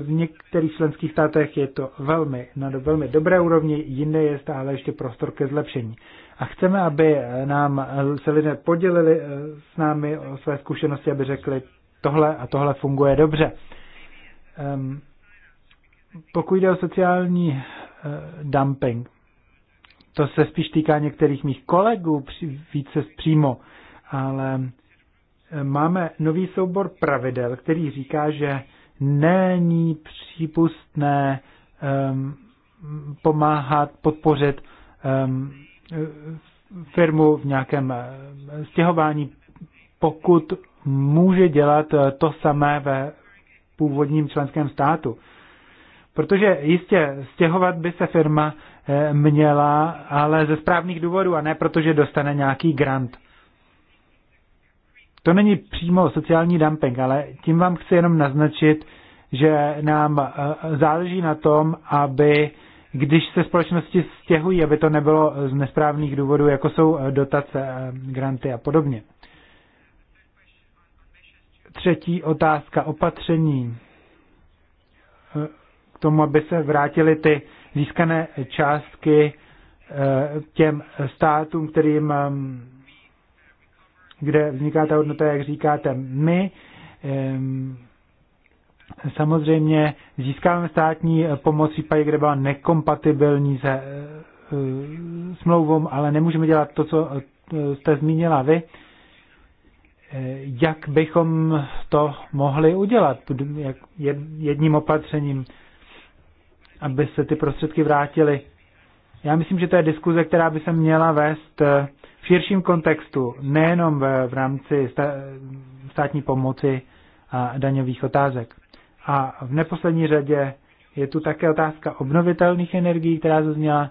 v některých členských státech je to velmi, na velmi dobré úrovni, jinde je stále ještě prostor ke zlepšení. A chceme, aby nám eh, se lidé podělili eh, s námi o své zkušenosti, aby řekli, tohle a tohle funguje dobře. Ehm, pokud jde o sociální eh, dumping, to se spíš týká některých mých kolegů více přímo, ale máme nový soubor pravidel, který říká, že není přípustné um, pomáhat, podpořit um, firmu v nějakém eh, stěhování, pokud může dělat eh, to samé ve původním členském státu. Protože jistě stěhovat by se firma eh, měla, ale ze správných důvodů a ne protože dostane nějaký grant. To není přímo sociální dumping, ale tím vám chci jenom naznačit, že nám eh, záleží na tom, aby když se společnosti stěhují, aby to nebylo z nesprávných důvodů, jako jsou eh, dotace, eh, granty a podobně. Třetí otázka, opatření k tomu, aby se vrátily ty získané částky těm státům, kterým kde vzniká ta hodnota, jak říkáte, my. Ehm, samozřejmě získáme státní pomoc v případě, kde byla nekompatibilní se eh, smlouvou, ale nemůžeme dělat to, co eh, jste zmínila vy. Eh, jak bychom to mohli udělat jedním opatřením, aby se ty prostředky vrátily? Já myslím, že to je diskuze, která by se měla vést v širším kontextu, nejenom v, v rámci státní pomoci a daňových otázek. A v neposlední řadě je tu také otázka obnovitelných energií, která zazněla.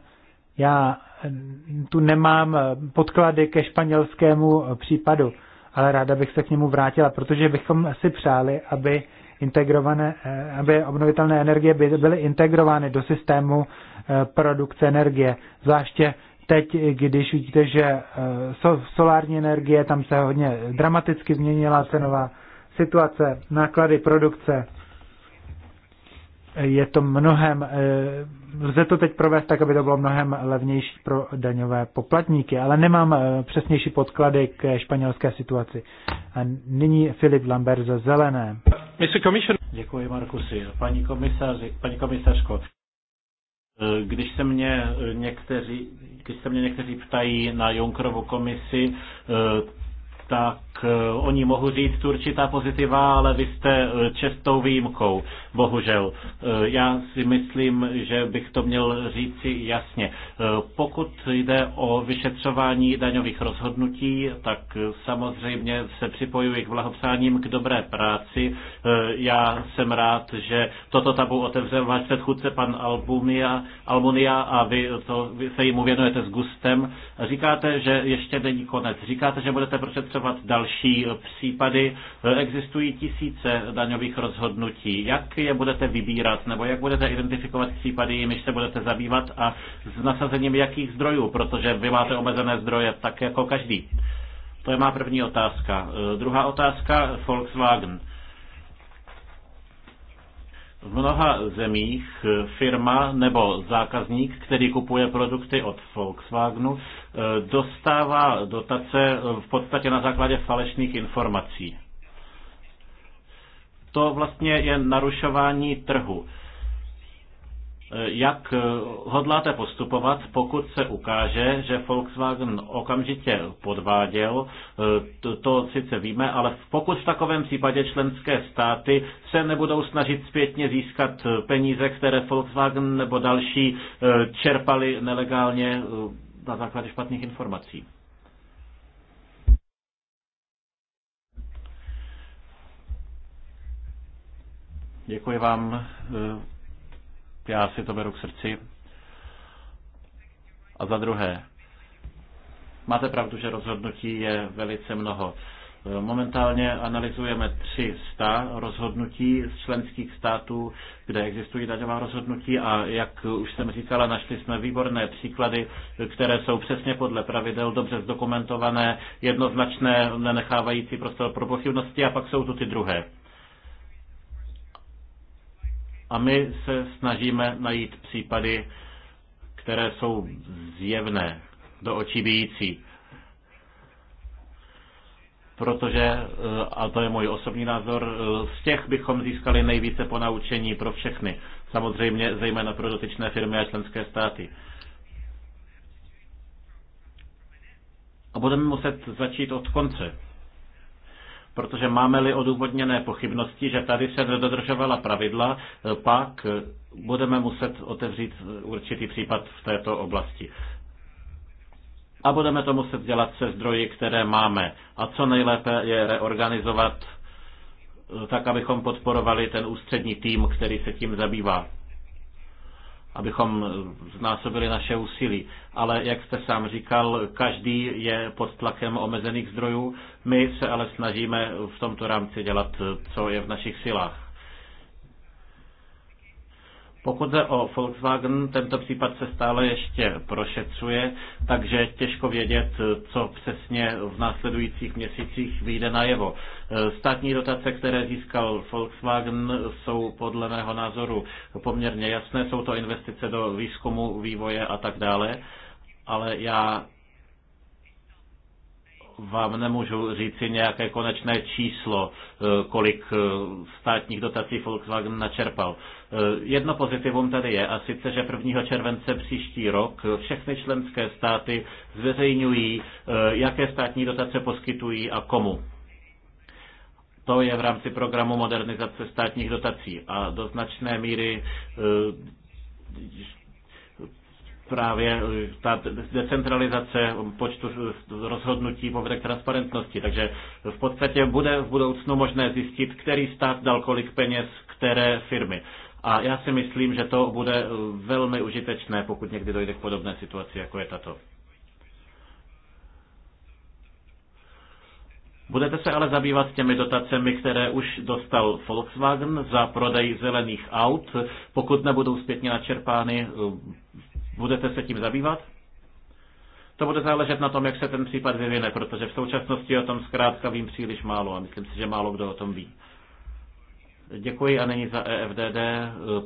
Já eh, tu nemám eh, podklady ke španělskému eh, případu, ale ráda bych se k němu vrátila, protože bychom si přáli, aby integrované, aby obnovitelné energie byly integrovány do systému produkce energie, zvláště teď, když vidíte, že eh, solární energie, tam se hodně dramaticky změnila cenová situace, náklady produkce, eh, je to mnohem, eh, lze to teď provést tak, aby to bylo mnohem levnější pro daňové poplatníky, ale nemám přesnější podklady k španělské situaci. A nyní Filip Lambert ze zelené. Děkuji, Markusi. paní komisařko, Eh, když se mě eh, někteří, když se mě někteří ptají na Junkerovu komisi, eh, tak Eh, oni mohu říct určitá pozitiva, ale vy jste eh, čestou výjimkou, bohužel. Eh, já si myslím, že bych to měl říci jasně. Pokud jde o vyšetřování daňových rozhodnutí, tak samozřejmě se připojuji k blahopřáním k dobré práci. Já jsem rád, že toto tabu otevřel váš předchůdce pan Albunia, Albunia a vy, to, vy se jim věnujete s gustem. Říkáte, že ještě není konec. Říkáte, že budete prošetřovat další další případy. Eh, existují tisíce daňových rozhodnutí. Jak je budete vybírat nebo jak budete identifikovat případy, jimiž se budete zabývat a s nasazením jakých zdrojů, protože vy máte omezené zdroje tak jako každý. To je má první otázka. Eh, druhá otázka, Volkswagen. V mnoha zemích eh, firma nebo zákazník, který kupuje produkty od Volkswagenu, Eh, dostává dotace eh, v podstatě na základě falešných informací. To vlastně je narušování trhu. Eh, jak hodláte postupovat, pokud se ukáže, že Volkswagen okamžitě podváděl, to, to sice víme, ale pokud v takovém případě členské státy se nebudou snažit zpětně získat peníze, které Volkswagen nebo další čerpali nelegálně na základě špatných informací. Děkuji vám. Já si to beru k srdci. A za druhé, máte pravdu, že rozhodnutí je velice mnoho. Momentálně analyzujeme 300 rozhodnutí z členských států, kde existují daňová rozhodnutí a jak už jsem říkala, našli jsme výborné příklady, které jsou přesně podle pravidel dobře zdokumentované, jednoznačné, nenechávající prostor pro pochybnosti a pak jsou tu ty druhé. A my se snažíme najít případy, které jsou zjevné, do očí bíjící protože, e, a to je můj osobní názor, e, z těch bychom získali nejvíce ponaučení pro všechny, samozřejmě zejména pro dotyčné firmy a členské státy. A budeme muset začít od konce. Protože máme-li odůvodněné pochybnosti, že tady se nedodržovala pravidla, e, pak budeme muset otevřít určitý případ v této oblasti a budeme to muset dělat se zdroji, které máme. A co nejlépe je reorganizovat tak, abychom podporovali ten ústřední tým, který se tím zabývá. Abychom znásobili naše úsilí. Ale jak jste sám říkal, každý je pod tlakem omezených zdrojů. My se ale snažíme v tomto rámci dělat, co je v našich silách. Pokud jde o Volkswagen, tento případ se stále ještě prošetřuje, takže těžko vědět, co přesně v následujících měsících vyjde najevo. Státní dotace, které získal Volkswagen, jsou podle mého názoru poměrně jasné. Jsou to investice do výzkumu, vývoje a tak dále. Ale já vám nemůžu říci nějaké konečné číslo, eh, kolik eh, státních dotací Volkswagen načerpal. Eh, jedno pozitivum tady je, a sice, že 1. července příští rok všechny členské státy zveřejňují, jaké státní dotace poskytují a komu. To je v rámci programu modernizace státních dotací a do značné míry právě eh, ta decentralizace eh, počtu eh, rozhodnutí povede k transparentnosti. Takže v podstatě bude v budoucnu možné zjistit, který stát dal kolik peněz které firmy. A já si myslím, že to bude velmi užitečné, pokud někdy dojde k podobné situaci, jako je tato. Budete se ale zabývat těmi dotacemi, které už dostal Volkswagen za prodej zelených aut, pokud nebudou zpětně načerpány Budete se tím zabývat? To bude záležet na tom, jak se ten případ vyvine, protože v současnosti o tom zkrátka vím příliš málo a myslím si, že málo kdo o tom ví. Děkuji a není za EFDD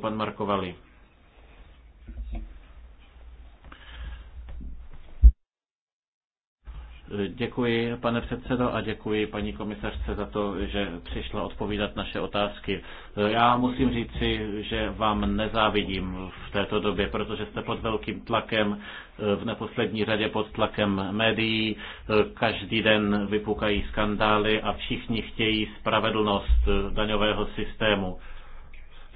pan Markovali. Děkuji, pane předsedo, a děkuji paní komisařce za to, že přišla odpovídat naše otázky. Já musím říci, že vám nezávidím v této době, protože jste pod velkým tlakem, v neposlední řadě pod tlakem médií. Každý den vypukají skandály a všichni chtějí spravedlnost daňového systému.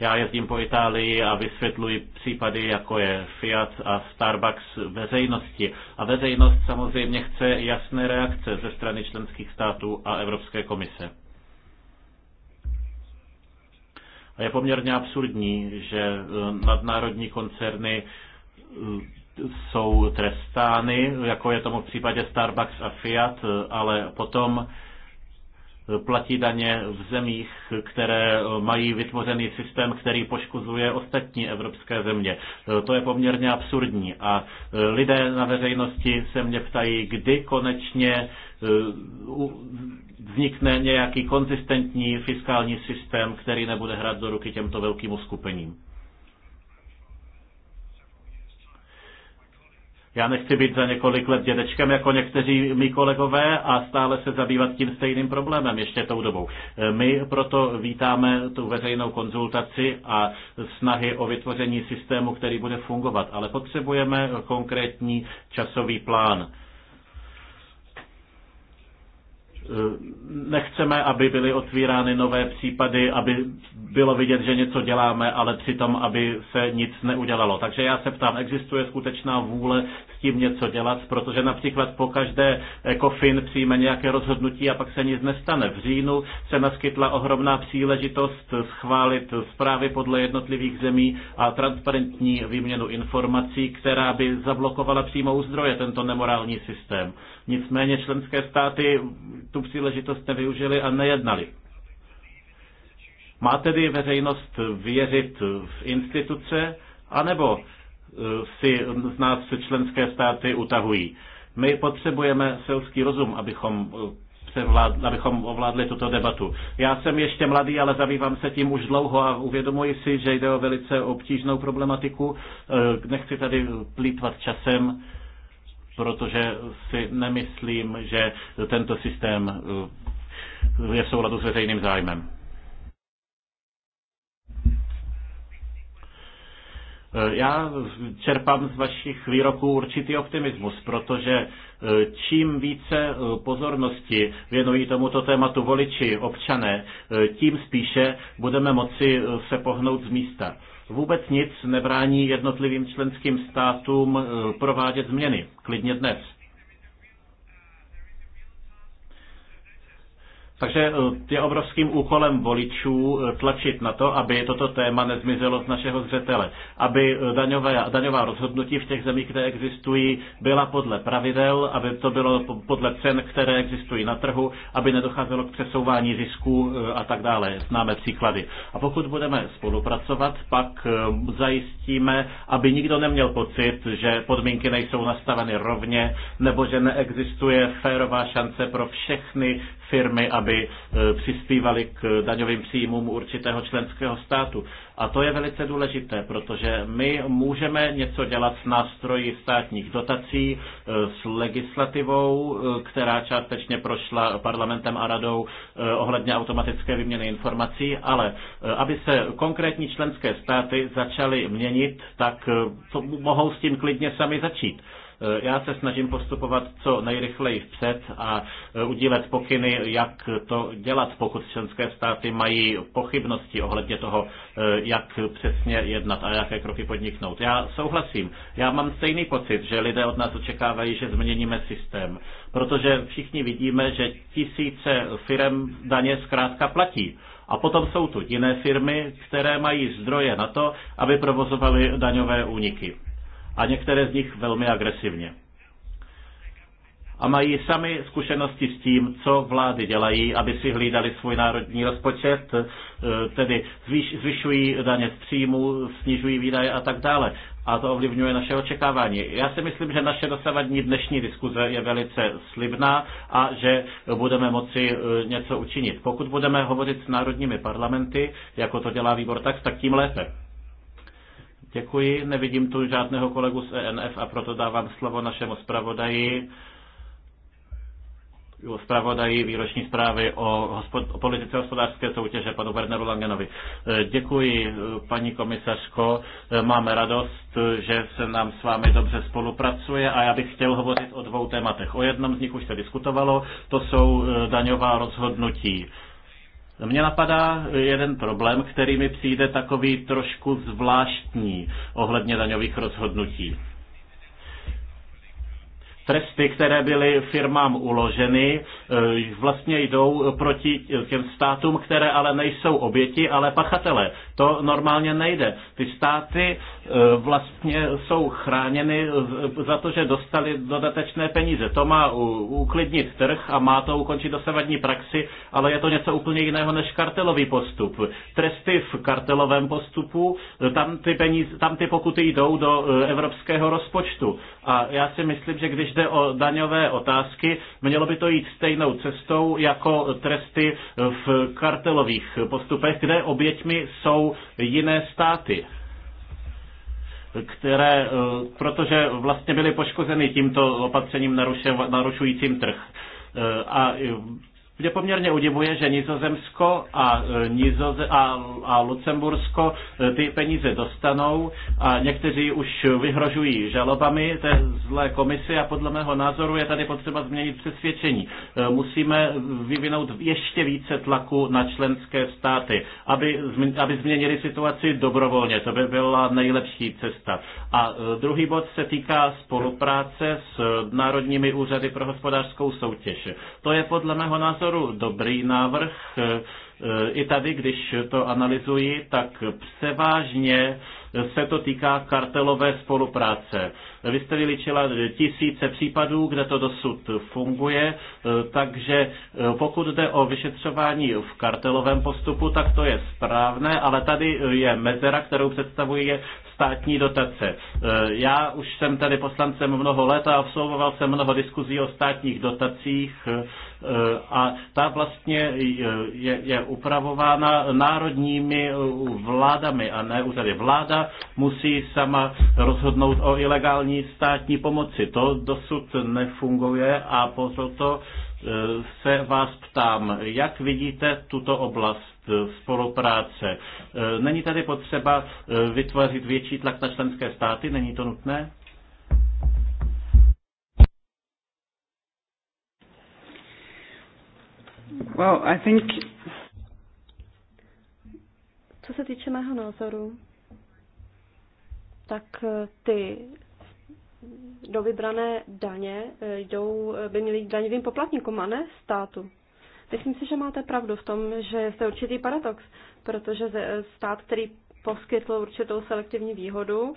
Já jezdím po Itálii a vysvětluji případy, jako je Fiat a Starbucks veřejnosti. A veřejnost samozřejmě chce jasné reakce ze strany členských států a Evropské komise. A je poměrně absurdní, že e, nadnárodní koncerny e, jsou trestány, jako je tomu v případě Starbucks a Fiat, e, ale potom platí daně v zemích, které eh, mají vytvořený systém, který poškozuje ostatní evropské země. Eh, to je poměrně absurdní a eh, lidé na veřejnosti se mě ptají, kdy konečně vznikne nějaký konzistentní fiskální systém, který nebude hrát do ruky těmto velkým uskupením. Já nechci být za několik let dědečkem jako někteří mý kolegové a stále se zabývat tím stejným problémem ještě tou dobou. E, my proto vítáme tu veřejnou konzultaci a snahy o vytvoření systému, který bude fungovat, ale potřebujeme konkrétní časový plán Eh, nechceme, aby byly otvírány nové případy, aby bylo vidět, že něco děláme, ale přitom, aby se nic neudělalo. Takže já se ptám, existuje skutečná vůle s tím něco dělat, protože například po každé ECOFIN přijme nějaké rozhodnutí a pak se nic nestane. V říjnu se naskytla ohromná příležitost schválit zprávy podle jednotlivých zemí a transparentní výměnu informací, která by zablokovala přímo u zdroje tento nemorální systém. Nicméně členské státy tu příležitost nevyužili a nejednali. Má tedy veřejnost věřit v instituce, anebo e, si z nás členské státy utahují? My potřebujeme selský rozum, abychom e, převlád, abychom ovládli tuto debatu. Já jsem ještě mladý, ale zabývám se tím už dlouho a uvědomuji si, že jde o velice obtížnou problematiku. E, nechci tady plítvat časem protože si nemyslím, že tento systém eh, je v souladu s veřejným zájmem. Eh, já čerpám z vašich výroků určitý optimismus, protože eh, čím více pozornosti věnují tomuto tématu voliči, občané, tím spíše budeme moci se pohnout z místa vůbec nic nebrání jednotlivým členským státům eh, provádět změny, klidně dnes. Takže eh, je obrovským úkolem voličů eh, tlačit na to, aby toto téma nezmizelo z našeho zřetele, aby eh, daňové, daňová rozhodnutí v těch zemích, kde existují, byla podle pravidel, aby to bylo podle cen, které existují na trhu, aby nedocházelo k přesouvání zisků a tak dále. Známe příklady. A pokud budeme spolupracovat, pak zajistíme, aby nikdo neměl pocit, že podmínky nejsou nastaveny rovně, nebo že neexistuje férová šance pro všechny firmy, aby e, přispívaly k daňovým příjmům určitého členského státu. A to je velice důležité, protože my můžeme něco dělat s nástroji státních dotací, e, s legislativou, e, která částečně prošla parlamentem a radou ohledně automatické výměny informací, ale aby se konkrétní členské státy začaly měnit, tak to mohou s tím klidně sami začít. Eh, já se snažím postupovat co nejrychleji vpřed a eh, udílet pokyny, jak to dělat, pokud členské státy mají pochybnosti ohledně toho, eh, jak přesně jednat a jaké kroky podniknout. Já souhlasím. Já mám stejný pocit, že lidé od nás očekávají, že změníme systém, protože všichni vidíme, že tisíce firm daně zkrátka platí. A potom jsou tu jiné firmy, které mají zdroje na to, aby provozovaly daňové úniky a některé z nich velmi agresivně. A mají sami zkušenosti s tím, co vlády dělají, aby si hlídali svůj národní rozpočet, eh, tedy zvyšují daně z příjmu, snižují výdaje a tak dále. A to ovlivňuje naše očekávání. Já si myslím, že naše dosavadní dnešní diskuze je velice slibná a že budeme moci eh, něco učinit. Pokud budeme hovořit s národními parlamenty, jako to dělá výbor tak, tak tím lépe. Děkuji, nevidím tu žádného kolegu z ENF a proto dávám slovo našemu zpravodaji, zpravodají výroční zprávy o, hospod, o politice hospodářské soutěže panu Werneru Langenovi. E, děkuji, paní komisařko. E, máme radost, že se nám s vámi dobře spolupracuje a já bych chtěl hovořit o dvou tématech. O jednom z nich už se diskutovalo, to jsou e, daňová rozhodnutí. Mně napadá jeden problém, který mi přijde takový trošku zvláštní ohledně daňových rozhodnutí tresty, které byly firmám uloženy, e, vlastně jdou proti těm státům, které ale nejsou oběti, ale pachatele. To normálně nejde. Ty státy e, vlastně jsou chráněny za to, že dostali dodatečné peníze. To má uklidnit trh a má to ukončit dosavadní praxi, ale je to něco úplně jiného než kartelový postup. Tresty v kartelovém postupu, e, tam ty, peníze, tam ty pokuty jdou do evropského rozpočtu. A já si myslím, že když jde o daňové otázky, mělo by to jít stejnou cestou jako tresty v kartelových postupech, kde oběťmi jsou jiné státy které, eh, protože vlastně byly poškozeny tímto opatřením narušujícím trh. Eh, a eh, mě poměrně udivuje, že Nizozemsko a, e, Nizoze- a, a Lucembursko e, ty peníze dostanou a někteří už vyhrožují žalobami té zlé komisy. a podle mého názoru je tady potřeba změnit přesvědčení. E, musíme vyvinout ještě více tlaku na členské státy, aby, aby změnili situaci dobrovolně. To by byla nejlepší cesta. A druhý bod se týká spolupráce s národními úřady pro hospodářskou soutěž. To je podle mého názoru názoru dobrý návrh. E, e, I tady, když to analyzuji, tak převážně se to týká kartelové spolupráce. No, vystavili vyličila eh, tisíce případů, kde to dosud funguje, eh, takže eh, pokud jde o vyšetřování v kartelovém postupu, tak to je správné, ale tady je mezera, kterou představuje státní dotace. Já už jsem tady poslancem mnoho let a absolvoval jsem mnoho diskuzí o státních dotacích a ta vlastně je, je upravována národními vládami a ne úřady. Vláda musí sama rozhodnout o ilegální ani státní pomoci. To dosud nefunguje a proto e, se vás ptám, jak vidíte tuto oblast spolupráce? E, není tady potřeba e, vytvořit větší tlak na členské státy? Není to nutné? Well, I think... Co se týče mého názoru, tak ty do vybrané daně e, jdou, e, by měly jít daňovým poplatníkům a ne státu. Myslím si, že máte pravdu v tom, že je to určitý paradox, protože e, stát, který poskytl určitou selektivní výhodu,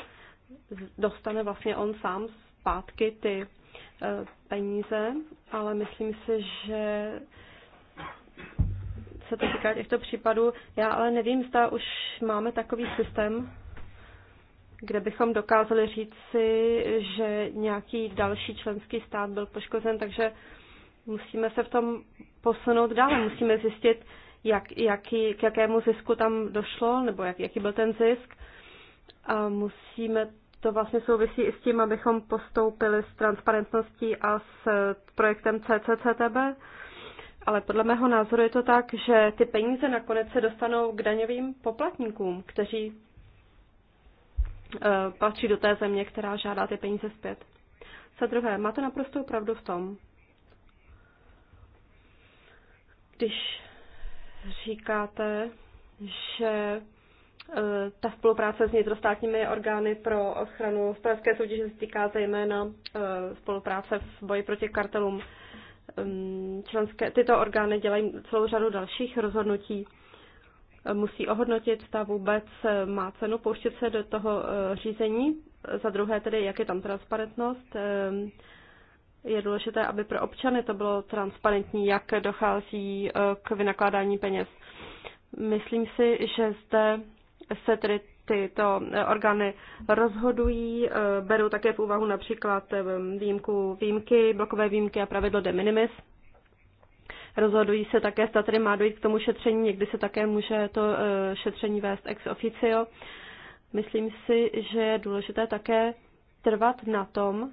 dostane vlastně on sám zpátky ty peníze, ale myslím si, že se to týká těchto případů. Já ale nevím, zda už máme takový systém, kde bychom dokázali si, že nějaký další členský stát byl poškozen, takže musíme se v tom posunout dále. Musíme zjistit, jak, jaký, k jakému zisku tam došlo, nebo jak, jaký byl ten zisk. A musíme to vlastně souvisí i s tím, abychom postoupili s transparentností a s projektem CCCTB. Ale podle mého názoru je to tak, že ty peníze nakonec se dostanou k daňovým poplatníkům, kteří Eh, patří do té země, která žádá ty peníze zpět. Za druhé, máte naprostou pravdu v tom, když říkáte, že eh, ta spolupráce s vnitrostátními orgány pro ochranu hospodářské soutěže se týká zejména eh, spolupráce v boji proti kartelům. Ehm, členské, tyto orgány dělají celou řadu dalších rozhodnutí, musí ohodnotit, zda vůbec eh, má cenu pouštět se do toho eh, řízení. Za druhé tedy, jak je tam transparentnost. Eh, je důležité, aby pro občany to bylo transparentní, jak dochází k vynakládání peněz. Myslím si, že zde se tedy tyto orgány rozhodují, berou také v úvahu například výjimku, výjimky, blokové výjimky a pravidlo de minimis, Rozhodují se také, zda tady má dojít k tomu šetření, někdy se také může to eh, šetření vést ex officio. Myslím si, že je důležité také trvat na tom,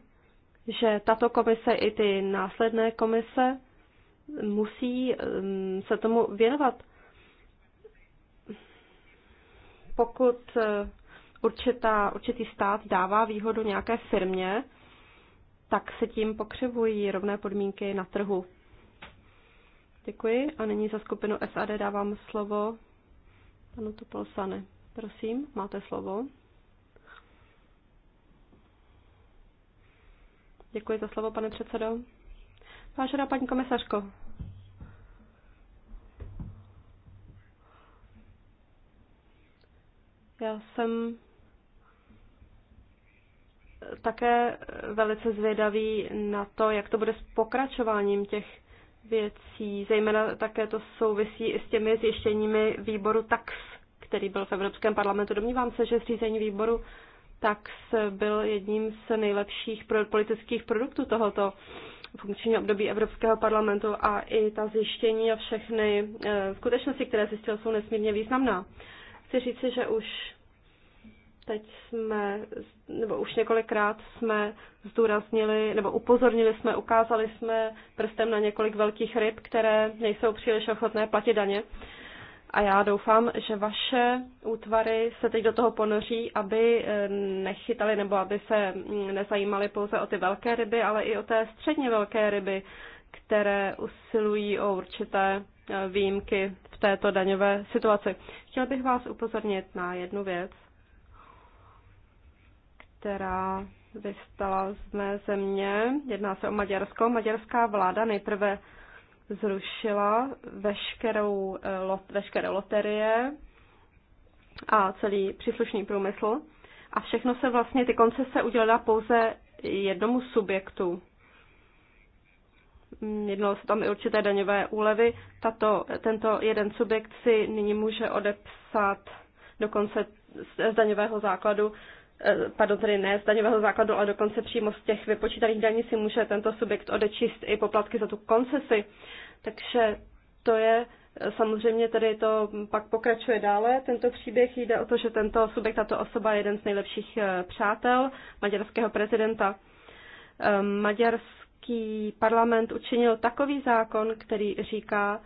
že tato komise i ty následné komise musí eh, se tomu věnovat. Pokud eh, určitá, určitý stát dává výhodu nějaké firmě, tak se tím pokřivují rovné podmínky na trhu. Děkuji a nyní za skupinu SAD dávám slovo panu Topolsane. Prosím, máte slovo. Děkuji za slovo, pane předsedo. Vážená paní komisařko, já jsem také velice zvědavý na to, jak to bude s pokračováním těch věcí, zejména také to souvisí i s těmi zjištěními výboru TAX, který byl v Evropském parlamentu. Domnívám se, že zřízení výboru TAX byl jedním z nejlepších politických produktů tohoto funkčního období Evropského parlamentu a i ta zjištění a všechny eh, skutečnosti, které zjistil, jsou nesmírně významná. Chci říci, že už teď jsme, nebo už několikrát jsme zdůraznili, nebo upozornili jsme, ukázali jsme prstem na několik velkých ryb, které nejsou příliš ochotné platit daně. A já doufám, že vaše útvary se teď do toho ponoří, aby eh, nechytali nebo aby se mm, nezajímali pouze o ty velké ryby, ale i o té středně velké ryby, které usilují o určité eh, výjimky v této daňové situaci. Chtěl bych vás upozornit na jednu věc která vystala z mé země. Jedná se o Maďarsko. Maďarská vláda nejprve zrušila veškerou, eh, lot, veškeré loterie a celý příslušný průmysl. A všechno se vlastně, ty koncese udělala pouze jednomu subjektu. Mm, jednalo se tam i určité daňové úlevy. Tato, tento jeden subjekt si nyní může odepsat dokonce z daňového základu Eh, pardon, tedy ne z daňového základu, ale dokonce přímo z těch vypočítaných daní si může tento subjekt odečíst i poplatky za tu koncesi. Takže to je eh, samozřejmě tedy to pak pokračuje dále. Tento příběh jde o to, že tento subjekt, tato osoba je jeden z nejlepších eh, přátel maďarského prezidenta. Ehm, maďarský parlament učinil takový zákon, který říká,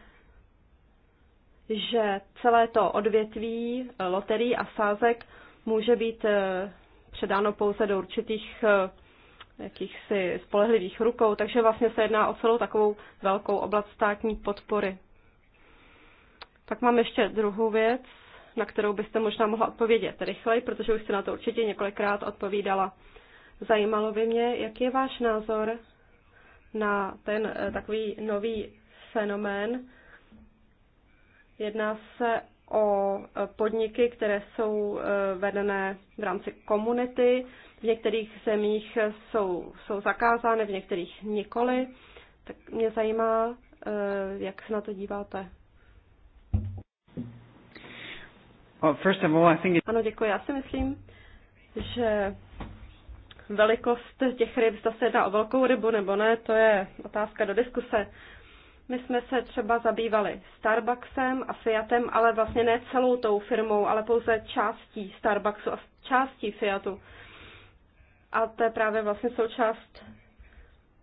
že celé to odvětví loterií a sázek může být předáno pouze do určitých eh, jakýchsi spolehlivých rukou, takže vlastně se jedná o celou takovou velkou oblast státní podpory. Pak mám ještě druhou věc, na kterou byste možná mohla odpovědět rychleji, protože už jste na to určitě několikrát odpovídala. Zajímalo by mě, jaký je váš názor na ten eh, takový nový fenomén. Jedná se o e, podniky, které jsou e, vedené v rámci komunity. V některých zemích jsou, jsou zakázány, v některých nikoli. Tak mě zajímá, e, jak se na to díváte. Ano, děkuji. Já si myslím, že velikost těch ryb, zda se jedná o velkou rybu nebo ne, to je otázka do diskuse. My jsme se třeba zabývali Starbucksem a Fiatem, ale vlastně ne celou tou firmou, ale pouze částí Starbucksu a částí Fiatu. A to je právě vlastně součást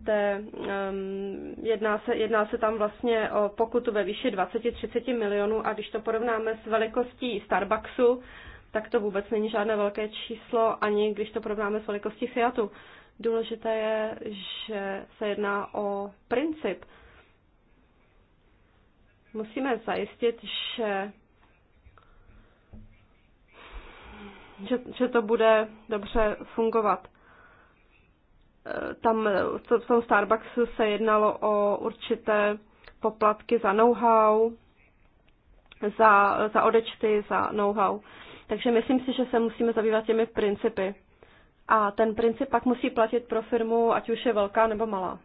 té, um, jedná, se, jedná se tam vlastně o pokutu ve výši 20-30 milionů a když to porovnáme s velikostí Starbucksu, tak to vůbec není žádné velké číslo, ani když to porovnáme s velikostí Fiatu. Důležité je, že se jedná o princip, Musíme zajistit, že, že, že to bude dobře fungovat. Tam v tom Starbucksu se jednalo o určité poplatky za know-how, za, za odečty, za know-how. Takže myslím si, že se musíme zabývat těmi principy. A ten princip pak musí platit pro firmu, ať už je velká nebo malá.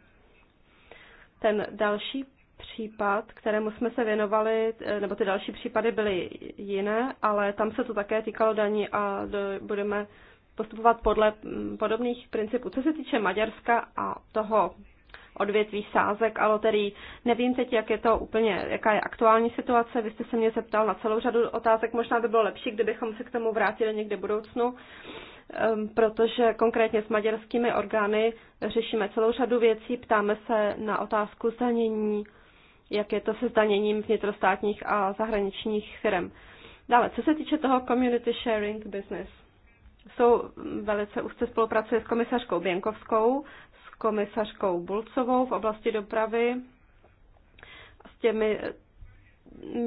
Ten další případ, kterému jsme se věnovali, eh, nebo ty další případy byly jiné, ale tam se to také týkalo daní a budeme postupovat podle mm, podobných principů. Co se týče Maďarska a toho odvětví sázek a loterí, Nevím teď, jak je to úplně, jaká je aktuální situace. Vy jste se mě zeptal na celou řadu otázek. Možná by bylo lepší, kdybychom se k tomu vrátili někde v budoucnu, ehm, protože konkrétně s maďarskými orgány řešíme celou řadu věcí. Ptáme se na otázku zdanění jak je to se zdaněním vnitrostátních a zahraničních firm. Dále, co se týče toho community sharing business, jsou velice úzce spolupracuje s komisařkou Běnkovskou, s komisařkou Bulcovou v oblasti dopravy, s těmi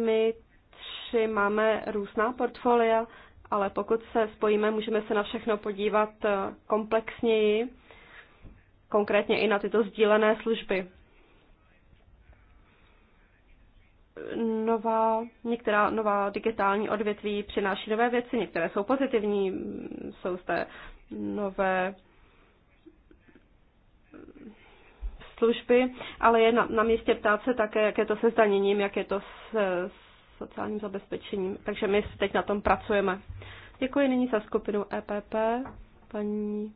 my tři máme různá portfolia, ale pokud se spojíme, můžeme se na všechno podívat eh, komplexněji, konkrétně i na tyto sdílené služby. nová, některá nová digitální odvětví přináší nové věci, některé jsou pozitivní, jsou zde nové služby, ale je na, na místě ptát se také, jak je to se zdaněním, jak je to s, s sociálním zabezpečením. Takže my teď na tom pracujeme. Děkuji nyní za skupinu EPP, paní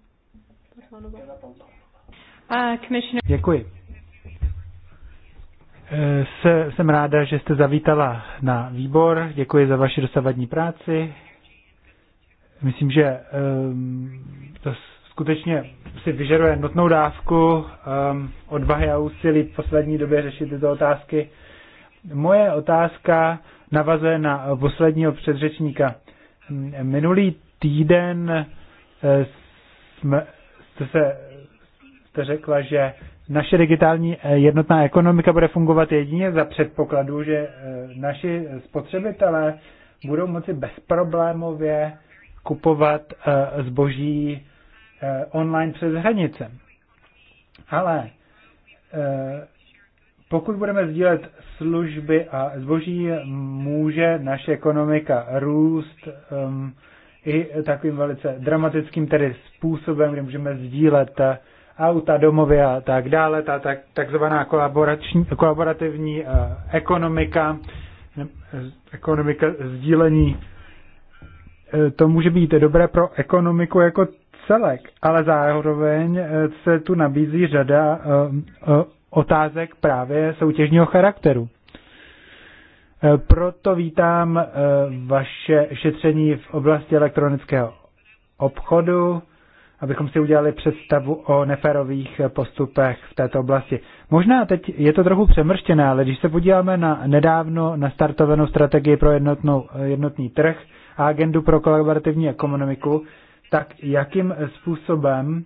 uh, Děkuji se, jsem ráda, že jste zavítala na výbor. Děkuji za vaši dosavadní práci. Myslím, že ehm, to skutečně si vyžaduje notnou dávku ehm, odvahy a úsilí v poslední době řešit tyto otázky. Moje otázka navazuje na posledního předřečníka. Minulý týden eh, jsme, jste, se, jste řekla, že naše digitální eh, jednotná ekonomika bude fungovat jedině za předpokladu, že eh, naši spotřebitelé budou moci bezproblémově kupovat eh, zboží online přes hranice. Ale pokud budeme sdílet služby a zboží, může naše ekonomika růst ehm, i takovým velice dramatickým tedy způsobem, kdy můžeme sdílet auta, domovy a tak dále, ta tak, takzvaná kolaborativní uh, ekonomika, eh, ekonomika sdílení. Eh, to může být dobré pro ekonomiku jako celek, ale zároveň se tu nabízí řada otázek právě soutěžního charakteru. Proto vítám vaše šetření v oblasti elektronického obchodu abychom si udělali představu o neférových postupech v této oblasti. Možná teď je to trochu přemrštěné, ale když se podíváme na nedávno nastartovanou strategii pro jednotnou, jednotný trh a agendu pro kolaborativní ekonomiku, tak jakým způsobem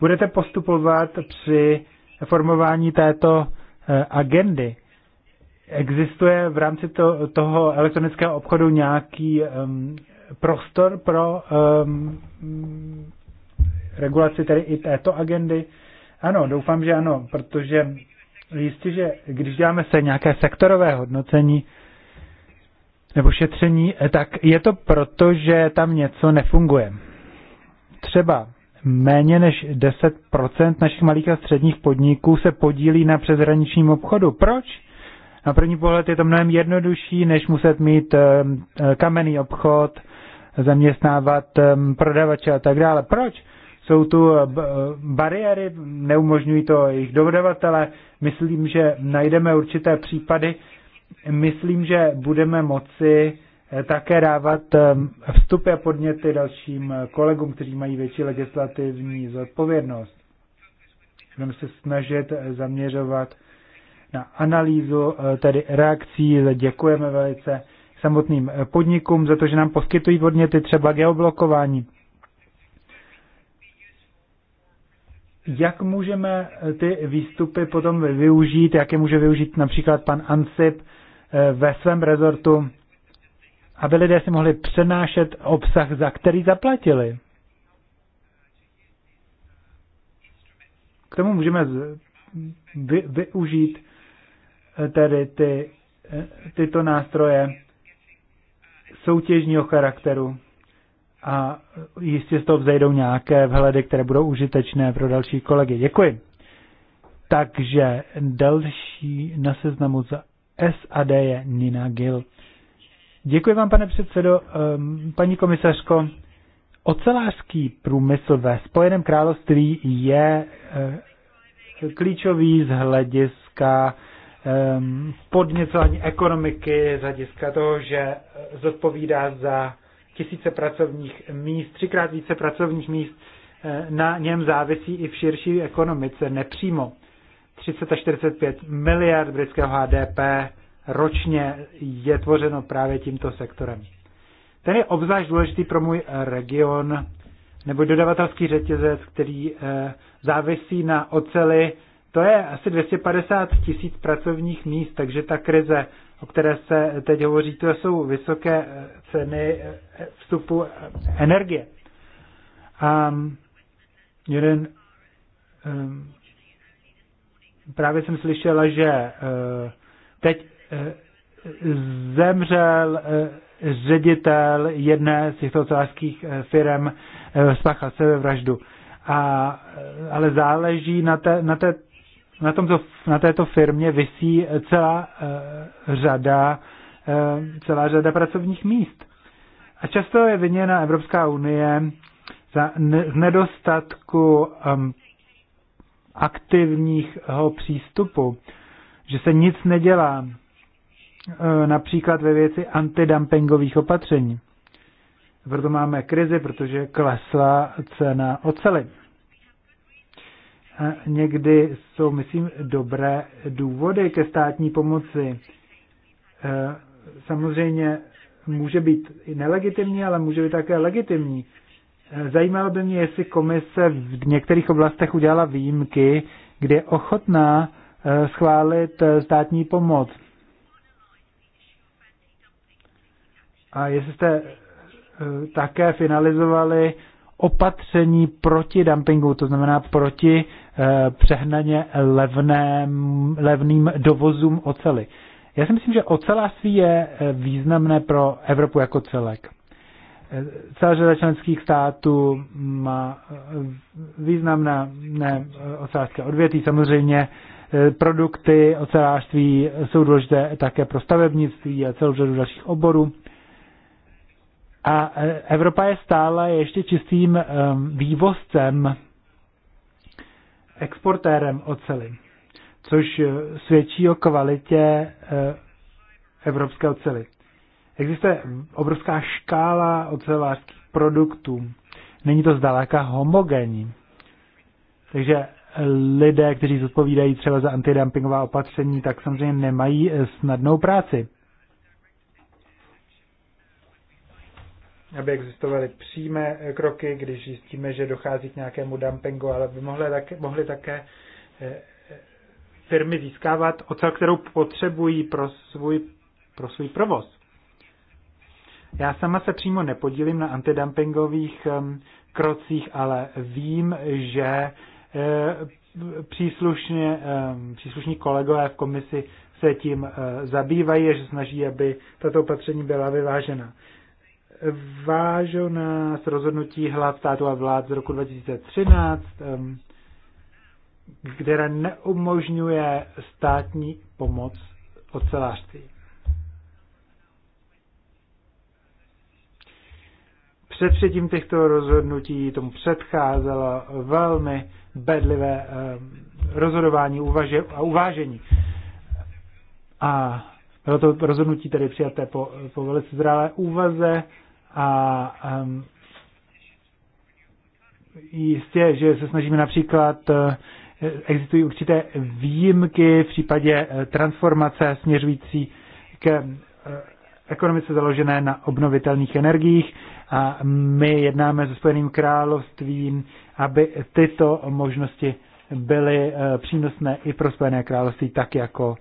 budete postupovat při formování této eh, agendy? Existuje v rámci to, toho elektronického obchodu nějaký um, prostor pro um, regulaci tedy i této agendy? Ano, doufám, že ano, protože jistě, že když děláme se nějaké sektorové hodnocení nebo šetření, tak je to proto, že tam něco nefunguje. Třeba méně než 10% našich malých a středních podniků se podílí na přeshraničním obchodu. Proč? Na první pohled je to mnohem jednodušší, než muset mít ehm, kamenný obchod zaměstnávat prodavače a tak dále. Proč? Jsou tu eh, eh, bariéry, neumožňují to jejich dodavatele. Myslím, že najdeme určité případy. Myslím, že budeme moci eh, také dávat vstupy a podněty dalším kolegům, kteří mají větší legislativní zodpovědnost. Budeme se snažit zaměřovat na analýzu tedy reakcí. Děkujeme velice samotným eh, podnikům za to, že nám poskytují podněty třeba geoblokování. Jak můžeme eh, ty výstupy potom využít, jak je může využít například pan Ansip eh, ve svém rezortu, aby lidé si mohli přenášet obsah, za který zaplatili? K tomu můžeme vy, využít tedy ty, tyto nástroje soutěžního charakteru a jistě z toho vzejdou nějaké vhledy, které budou užitečné pro další kolegy. Děkuji. Takže další na seznamu za SAD je Nina Gill. Děkuji vám, pane předsedo. Ehm, paní komisařko, ocelářský průmysl ve Spojeném království je eh, klíčový z hlediska Ehm, podněcování ekonomiky z hlediska toho, že eh, zodpovídá za tisíce pracovních míst, třikrát více pracovních míst, eh, na něm závisí i v širší ekonomice nepřímo. 30 až 45 miliard britského HDP ročně je tvořeno právě tímto sektorem. Ten je obzvlášť důležitý pro můj region, nebo dodavatelský řetězec, který eh, závisí na oceli to je asi 250 tisíc pracovních míst, takže ta krize, o které se teď hovoří, to jsou vysoké eh, ceny eh, eh, vstupu energie. A mm, jeden, mm, právě jsem slyšela, že teď zemřel ředitel jedné z těchto ocelářských firm, spáchal sebevraždu. A, ale záleží na té, na té na, tomto, na této firmě vysí celá uh, řada, uh, celá řada pracovních míst. A často je viněna Evropská unie za ne, nedostatku um, aktivního přístupu, že se nic nedělá, uh, například ve věci antidumpingových opatření. Proto máme krizi, protože klesla cena oceli někdy jsou, myslím, dobré důvody ke státní pomoci. E, samozřejmě může být i nelegitimní, ale může být také legitimní. E, zajímalo by mě, jestli komise v některých oblastech udělala výjimky, kde je ochotná e, schválit státní pomoc. A jestli jste také finalizovali opatření proti dumpingu, to znamená proti eh, přehnaně levném, levným dovozům ocely. Já si myslím, že ocelářství je eh, významné pro Evropu jako celek. Eh, celá řada členských států má významné ne, ocelářské odvětví. Samozřejmě produkty ocelářství jsou důležité také pro stavebnictví a celou řadu dalších oborů. A e, Evropa je stále ještě čistým e, vývozcem, exportérem oceli, což e, svědčí o kvalitě evropské oceli. Existuje obrovská škála ocelářských produktů. Není to zdaleka homogenní. Takže lidé, kteří zodpovídají třeba za antidumpingová opatření, tak samozřejmě nemají snadnou práci. aby existovaly přímé kroky, když zjistíme, že dochází k nějakému dumpingu, ale by mohly také, mohly také eh, eh, firmy získávat ocel, kterou potřebují pro svůj, pro svůj provoz. Já sama se přímo nepodílím na antidumpingových ehm, krocích, ale vím, že eh, příslušně, ehm, příslušní kolegové v komisi se tím zabývají a že snaží, aby tato opatření byla vyvážena vážou nás rozhodnutí hlav státu a vlád z roku 2013, které neumožňuje státní pomoc ocelářství. Před předtím těchto rozhodnutí tomu předcházelo velmi bedlivé rozhodování a uvážení. A bylo to rozhodnutí tedy přijaté po, po velice zralé úvaze, a um, jistě, že se snažíme například, eh, existují určité výjimky v případě eh, transformace směřující k eh, ekonomice založené na obnovitelných energiích a my jednáme se Spojeným královstvím, aby tyto možnosti byly přínosné i pro Spojené království, tak jako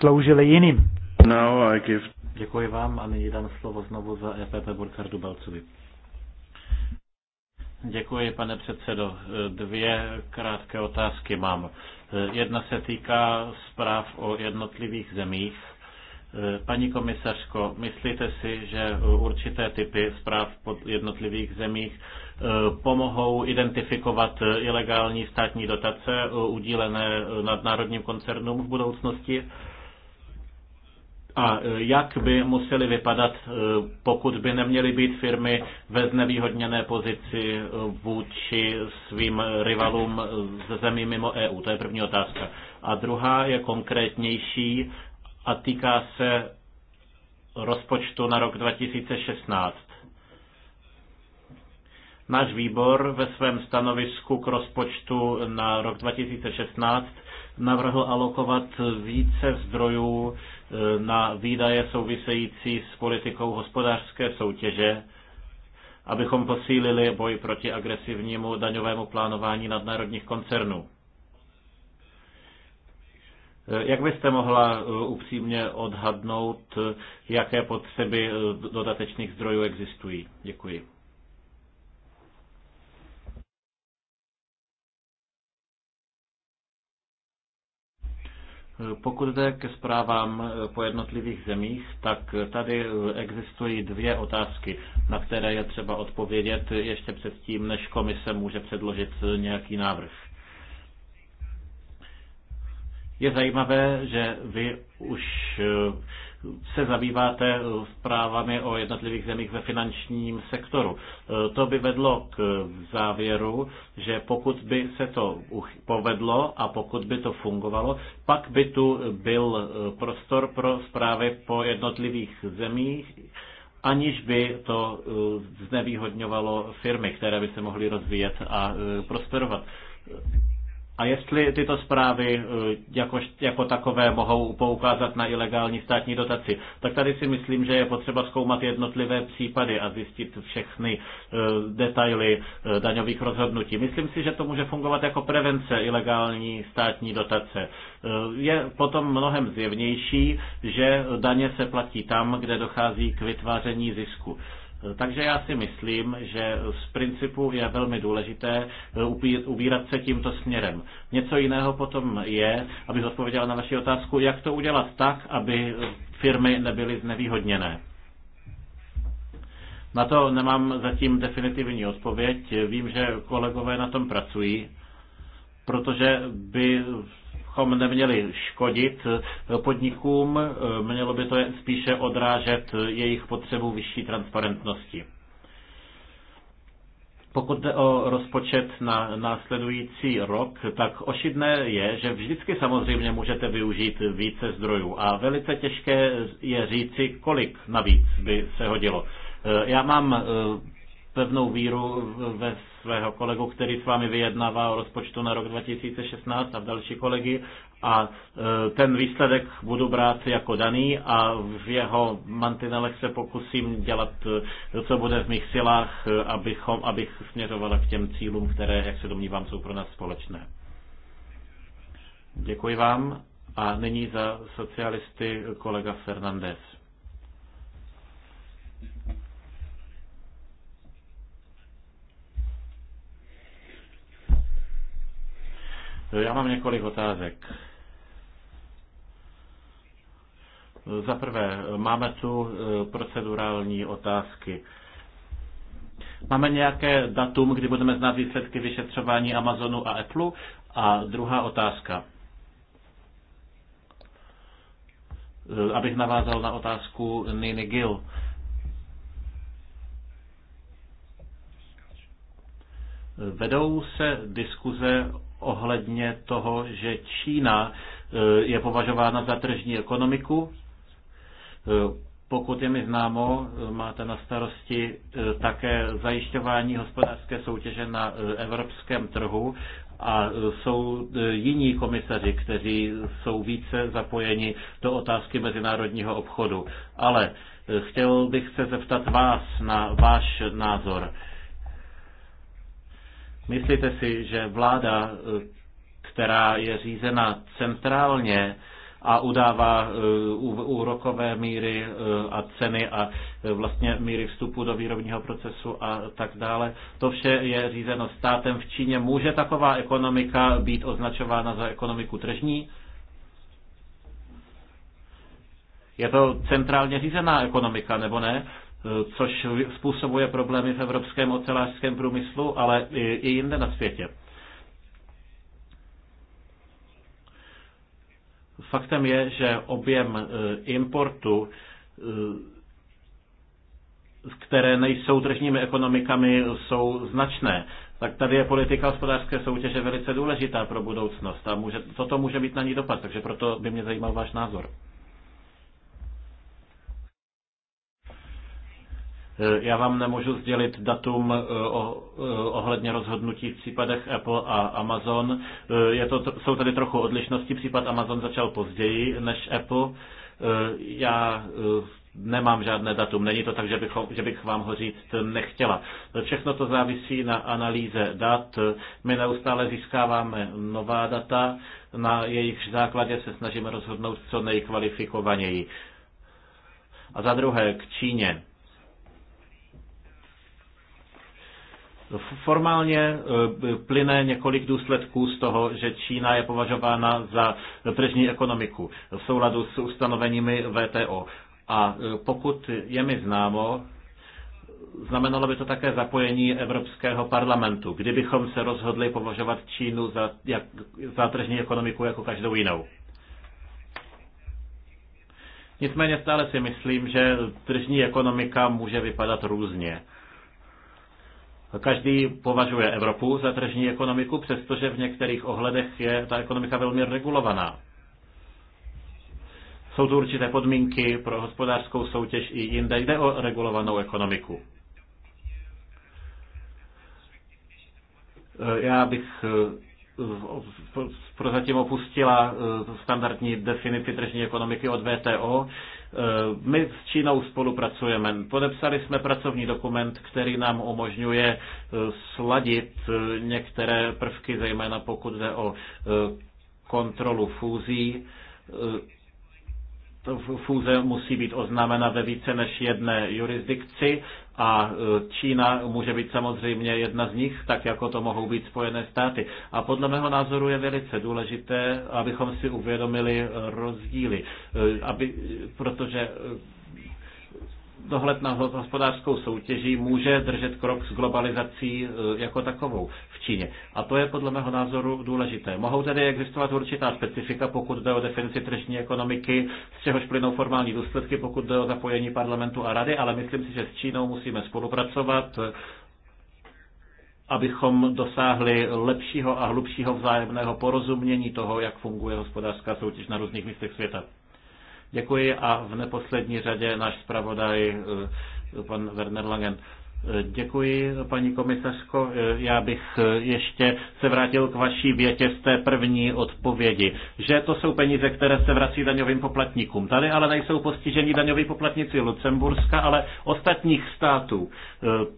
sloužily jiným. Now I give Děkuji vám a nyní dám slovo znovu za EPP Burkardu Balcovi. Děkuji, pane předsedo. Dvě krátké otázky mám. Jedna se týká zpráv o jednotlivých zemích. Paní komisařko, myslíte si, že určité typy zpráv pod jednotlivých zemích eh, pomohou identifikovat ilegální státní dotace eh, udílené nadnárodním koncernům v budoucnosti? a e, jak by museli vypadat, e, pokud by neměly být firmy ve znevýhodněné pozici e, vůči svým rivalům ze zemí mimo EU? To je první otázka. A druhá je konkrétnější a týká se rozpočtu na rok 2016. Náš výbor ve svém stanovisku k rozpočtu na rok 2016 navrhl alokovat více zdrojů Eh, na výdaje související s politikou hospodářské soutěže, abychom posílili boj proti agresivnímu daňovému plánování nadnárodních koncernů. Eh, jak byste mohla eh, upřímně odhadnout, jaké potřeby dodatečných zdrojů existují? Děkuji. Pokud jde ke zprávám eh, po jednotlivých zemích, tak eh, tady existují dvě otázky, na které je třeba odpovědět ještě předtím, než komise může předložit eh, nějaký návrh. Je zajímavé, že vy už se zabýváte zprávami o jednotlivých zemích ve finančním sektoru. E, to by vedlo k závěru, že pokud by se to povedlo a pokud by to fungovalo, pak by tu byl e, prostor pro zprávy po jednotlivých zemích, aniž by to e, znevýhodňovalo firmy, které by se mohly rozvíjet a prosperovat. A jestli tyto zprávy eh, jako, jako takové mohou poukázat na ilegální státní dotaci, tak tady si myslím, že je potřeba zkoumat jednotlivé případy a zjistit všechny eh, detaily eh, daňových rozhodnutí. Myslím si, že to může fungovat jako prevence ilegální státní dotace. Je potom mnohem zjevnější, že daně se platí tam, kde dochází k vytváření zisku. Takže já si myslím, že z principu je velmi důležité eh, ubírat se tímto směrem. Něco jiného potom je, abych odpověděla na vaši otázku, jak to udělat tak, aby firmy nebyly znevýhodněné. Na to nemám zatím definitivní odpověď. Vím, že kolegové na tom pracují, protože by bychom neměli škodit eh, podnikům, eh, mělo by to spíše odrážet eh, jejich potřebu vyšší transparentnosti. Pokud jde o rozpočet na následující rok, tak ošidné je, že vždycky samozřejmě můžete využít více zdrojů a velice těžké je říci, kolik navíc by se hodilo. Já mám pevnou víru ve svého kolegu, který s vámi vyjednává o rozpočtu na rok 2016 a v další kolegy a e, ten výsledek budu brát jako daný a v jeho mantinelech se pokusím dělat, e, co bude v mých silách, e, abychom, abych směřovala k těm cílům, které, jak se domnívám, jsou pro nás společné. Děkuji vám a nyní za socialisty kolega Fernandez. Já mám několik otázek. Za prvé, máme tu eh, procedurální otázky. Máme nějaké datum, kdy budeme znát výsledky vyšetřování Amazonu a Apple? A druhá otázka. Eh, abych navázal na otázku Niny Gill. Vedou se diskuze ohledně toho, že Čína eh, je považována za tržní ekonomiku. Eh, pokud je mi známo, eh, máte na starosti také zajišťování hospodářské soutěže na evropském trhu a jsou jiní komisaři, kteří jsou více zapojeni do otázky mezinárodního obchodu. Ale chtěl bych se zeptat vás na váš názor. Myslíte si, že vláda, e, která je řízena centrálně a udává e, úrokové míry e, a ceny a vlastně míry vstupu do výrobního procesu a tak dále, to vše je řízeno státem v Číně. Může taková ekonomika být označována za ekonomiku tržní? Je to centrálně řízená ekonomika, nebo ne? Eh, což způsobuje problémy v evropském ocelářském průmyslu, ale i jinde na světě. Faktem je, že objem eh, importu, eh, které nejsou tržními ekonomikami, jsou značné. Tak tady je politika hospodářské soutěže velice důležitá pro budoucnost a může, toto může být na ní dopad, takže proto by mě zajímal váš názor. Eh, já vám nemůžu sdělit datum eh, eh, ohledně rozhodnutí v případech Apple a Amazon. Je to, jsou tady trochu odlišnosti. Případ Amazon začal později než Apple. Já nemám žádné datum. Není to tak, že, bych, že bych vám ho říct nechtěla. Všechno to závisí na analýze dat. My neustále získáváme nová data, na jejich základě se snažíme rozhodnout co nejkvalifikovaněji. A za druhé, k Číně. Formálně eh, plyne několik důsledků z toho, že Čína je považována za tržní ekonomiku v souladu s ustanoveními VTO. A eh, pokud je mi známo, znamenalo by to také zapojení Evropského parlamentu, kdybychom se rozhodli považovat Čínu za, jak, za tržní ekonomiku jako každou jinou. Nicméně stále si myslím, že tržní ekonomika může vypadat různě Každý považuje Evropu za tržní ekonomiku, přestože v některých ohledech je ta ekonomika velmi regulovaná. Jsou tu určité podmínky pro hospodářskou soutěž i jinde. Jde o regulovanou ekonomiku. Já bych eh, prozatím opustila eh, standardní definici tržní ekonomiky od VTO. Eh, my s Čínou spolupracujeme. Podepsali jsme pracovní dokument, který nám umožňuje eh, sladit eh, některé prvky, zejména pokud jde o kontrolu fúzí fúze musí být oznámena ve více než jedné jurisdikci a e, Čína může být samozřejmě jedna z nich, tak jako to mohou být Spojené státy. A podle mého názoru je velice důležité, abychom si uvědomili rozdíly, e, aby, protože e, dohled na hospodářskou soutěží může držet krok s globalizací e, jako takovou v Číně. A to je podle mého názoru důležité. Mohou tedy existovat určitá specifika, pokud jde o definici tržní ekonomiky, z čehož plynou formální důsledky, pokud jde o zapojení parlamentu a rady, ale myslím si, že s Čínou musíme spolupracovat abychom dosáhli lepšího a hlubšího vzájemného porozumění toho, jak funguje hospodářská soutěž na různých místech světa. Děkuji a v neposlední řadě náš zpravodaj eh, pan Werner Langen. Děkuji, paní komisařko. Já bych ještě se vrátil k vaší větě z té první odpovědi, že to jsou peníze, které se vrací daňovým poplatníkům. Tady ale nejsou postiženi daňoví poplatníci Lucemburska, ale ostatních států.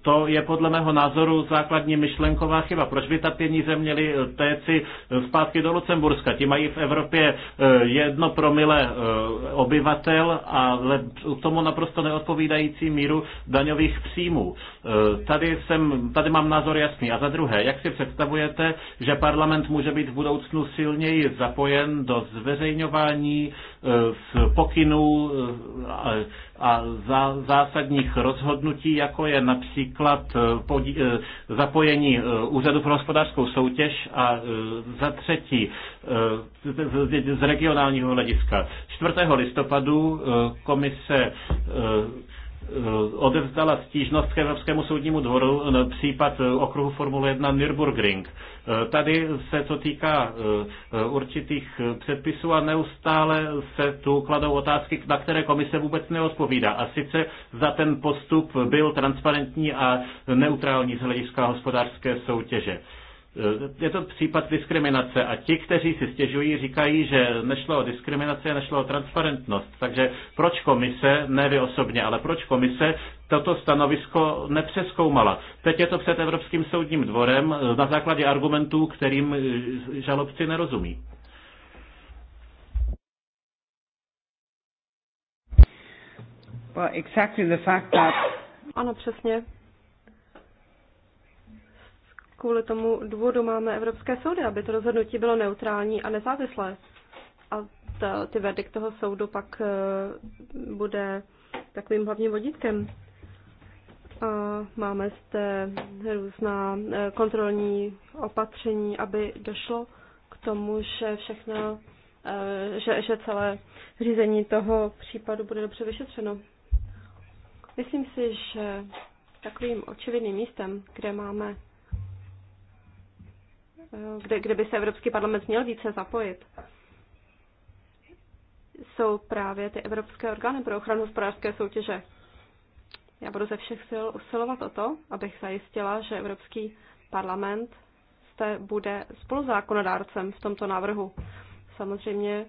To je podle mého názoru základní myšlenková chyba. Proč by ta peníze měly téci zpátky do Lucemburska? Ti mají v Evropě eh, jedno promile eh, obyvatel, ale tomu naprosto neodpovídající míru daňových příjmů. Eh, tady, jsem, tady mám názor jasný. A za druhé, jak si představujete, že parlament může být v budoucnu silněji zapojen do zveřejňování z eh, pokynů eh, a zásadních rozhodnutí, jako je například zapojení Úřadu pro hospodářskou soutěž a za třetí z regionálního hlediska. 4. listopadu komise Eh, odevzdala stížnost k Evropskému soudnímu dvoru případ eh, okruhu Formule 1 Nürburgring. Eh, tady se to týká určitých předpisů a neustále se tu kladou otázky, na které komise vůbec neodpovídá. A sice za ten postup byl transparentní a neutrální z hlediska hospodářské soutěže. Eh, je to případ diskriminace a ti, kteří si stěžují, říkají, že nešlo o diskriminaci, nešlo o transparentnost. Takže proč komise, ne vy osobně, ale proč komise toto stanovisko nepřeskoumala? Teď je to před Evropským soudním dvorem eh, na základě argumentů, kterým eh, žalobci nerozumí. Well, exactly the fact that... Ano, přesně kvůli tomu důvodu máme Evropské soudy, aby to rozhodnutí bylo neutrální a nezávislé. A ta, ty verdikt toho soudu pak eh, bude takovým hlavním vodítkem. A máme zde různá eh, kontrolní opatření, aby došlo k tomu, že všechno, eh, že, že celé řízení toho případu bude dobře vyšetřeno. Myslím si, že takovým očividným místem, kde máme kde, kde by se Evropský parlament měl více zapojit, jsou právě ty evropské orgány pro ochranu hospodářské soutěže. Já budu ze všech sil usilovat o to, abych zajistila, že Evropský parlament jste bude spoluzákonodárcem v tomto návrhu. Samozřejmě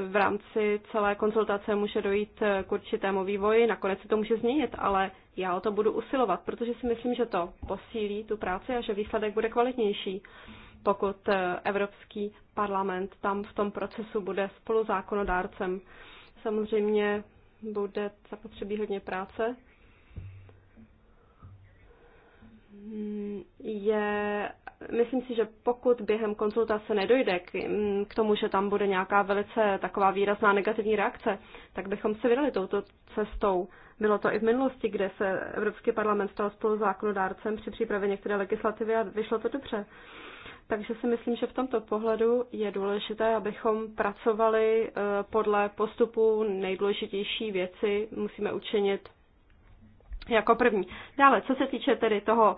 v rámci celé konzultace může dojít k určitému vývoji, nakonec se to může změnit, ale já o to budu usilovat, protože si myslím, že to posílí tu práci a že výsledek bude kvalitnější pokud eh, Evropský parlament tam v tom procesu bude spoluzákonodárcem. Samozřejmě bude zapotřebí hodně práce. Hmm, je, myslím si, že pokud během konzultace nedojde k, mm, k tomu, že tam bude nějaká velice taková výrazná negativní reakce, tak bychom se vydali touto cestou. Bylo to i v minulosti, kde se Evropský parlament stal spoluzákonodárcem při přípravě některé legislativy a vyšlo to dobře. Takže si myslím, že v tomto pohledu je důležité, abychom pracovali eh, podle postupu nejdůležitější věci musíme učinit jako první. Dále, co se týče tedy toho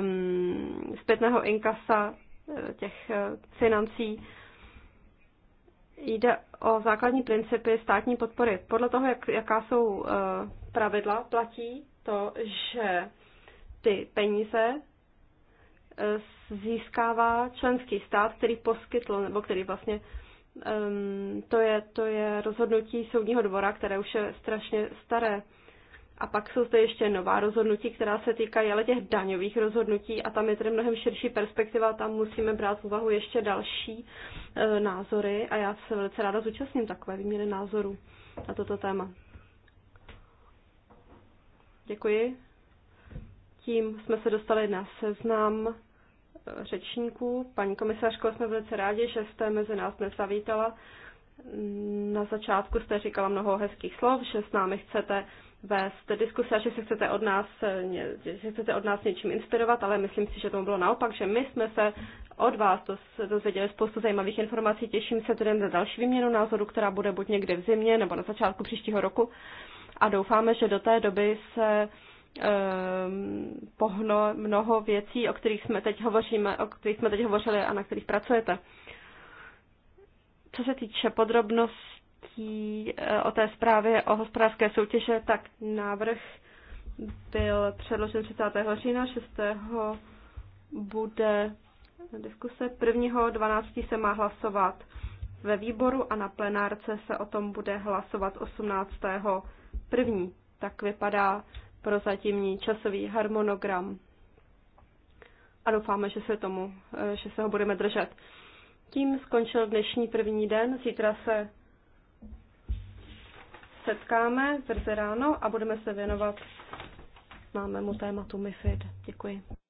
um, zpětného inkasa eh, těch eh, financí, jde o základní principy státní podpory. Podle toho, jak, jaká jsou uh, pravidla, platí to, že ty peníze Eh, získává členský stát, který poskytl, nebo který vlastně ehm, to, je, to je rozhodnutí soudního dvora, které už je strašně staré. A pak jsou zde ještě nová rozhodnutí, která se týkají ale těch daňových rozhodnutí a tam je tedy mnohem širší perspektiva, tam musíme brát v úvahu ještě další e, názory a já se velice ráda zúčastním takové výměny názorů na toto téma. Děkuji. Tím jsme se dostali na seznam řečníků. Paní komisařko, jsme velice rádi, že jste mezi nás dnes zavítala. Na začátku jste říkala mnoho hezkých slov, že s námi chcete vést diskuse a že se chcete od nás, že se chcete od nás něčím inspirovat, ale myslím si, že tomu bylo naopak, že my jsme se od vás dozvěděli spoustu zajímavých informací. Těším se tedy na další výměnu názoru, která bude buď někdy v zimě nebo na začátku příštího roku. A doufáme, že do té doby se Ehm, pohno mnoho věcí, o kterých jsme teď hovoříme, o kterých jsme teď hovořili a na kterých pracujete. Co se týče podrobností eh, o té zprávě o hospodářské soutěže, tak návrh byl předložen 30. října, 6. bude diskuse. 1. 12. se má hlasovat ve výboru a na plenárce se o tom bude hlasovat 18. 1. Tak vypadá prozatímní časový harmonogram. A doufáme, že se tomu, eh, že se ho budeme držet. Tím skončil dnešní první den. Zítra se setkáme brzy ráno a budeme se věnovat známému tématu MIFID. Děkuji.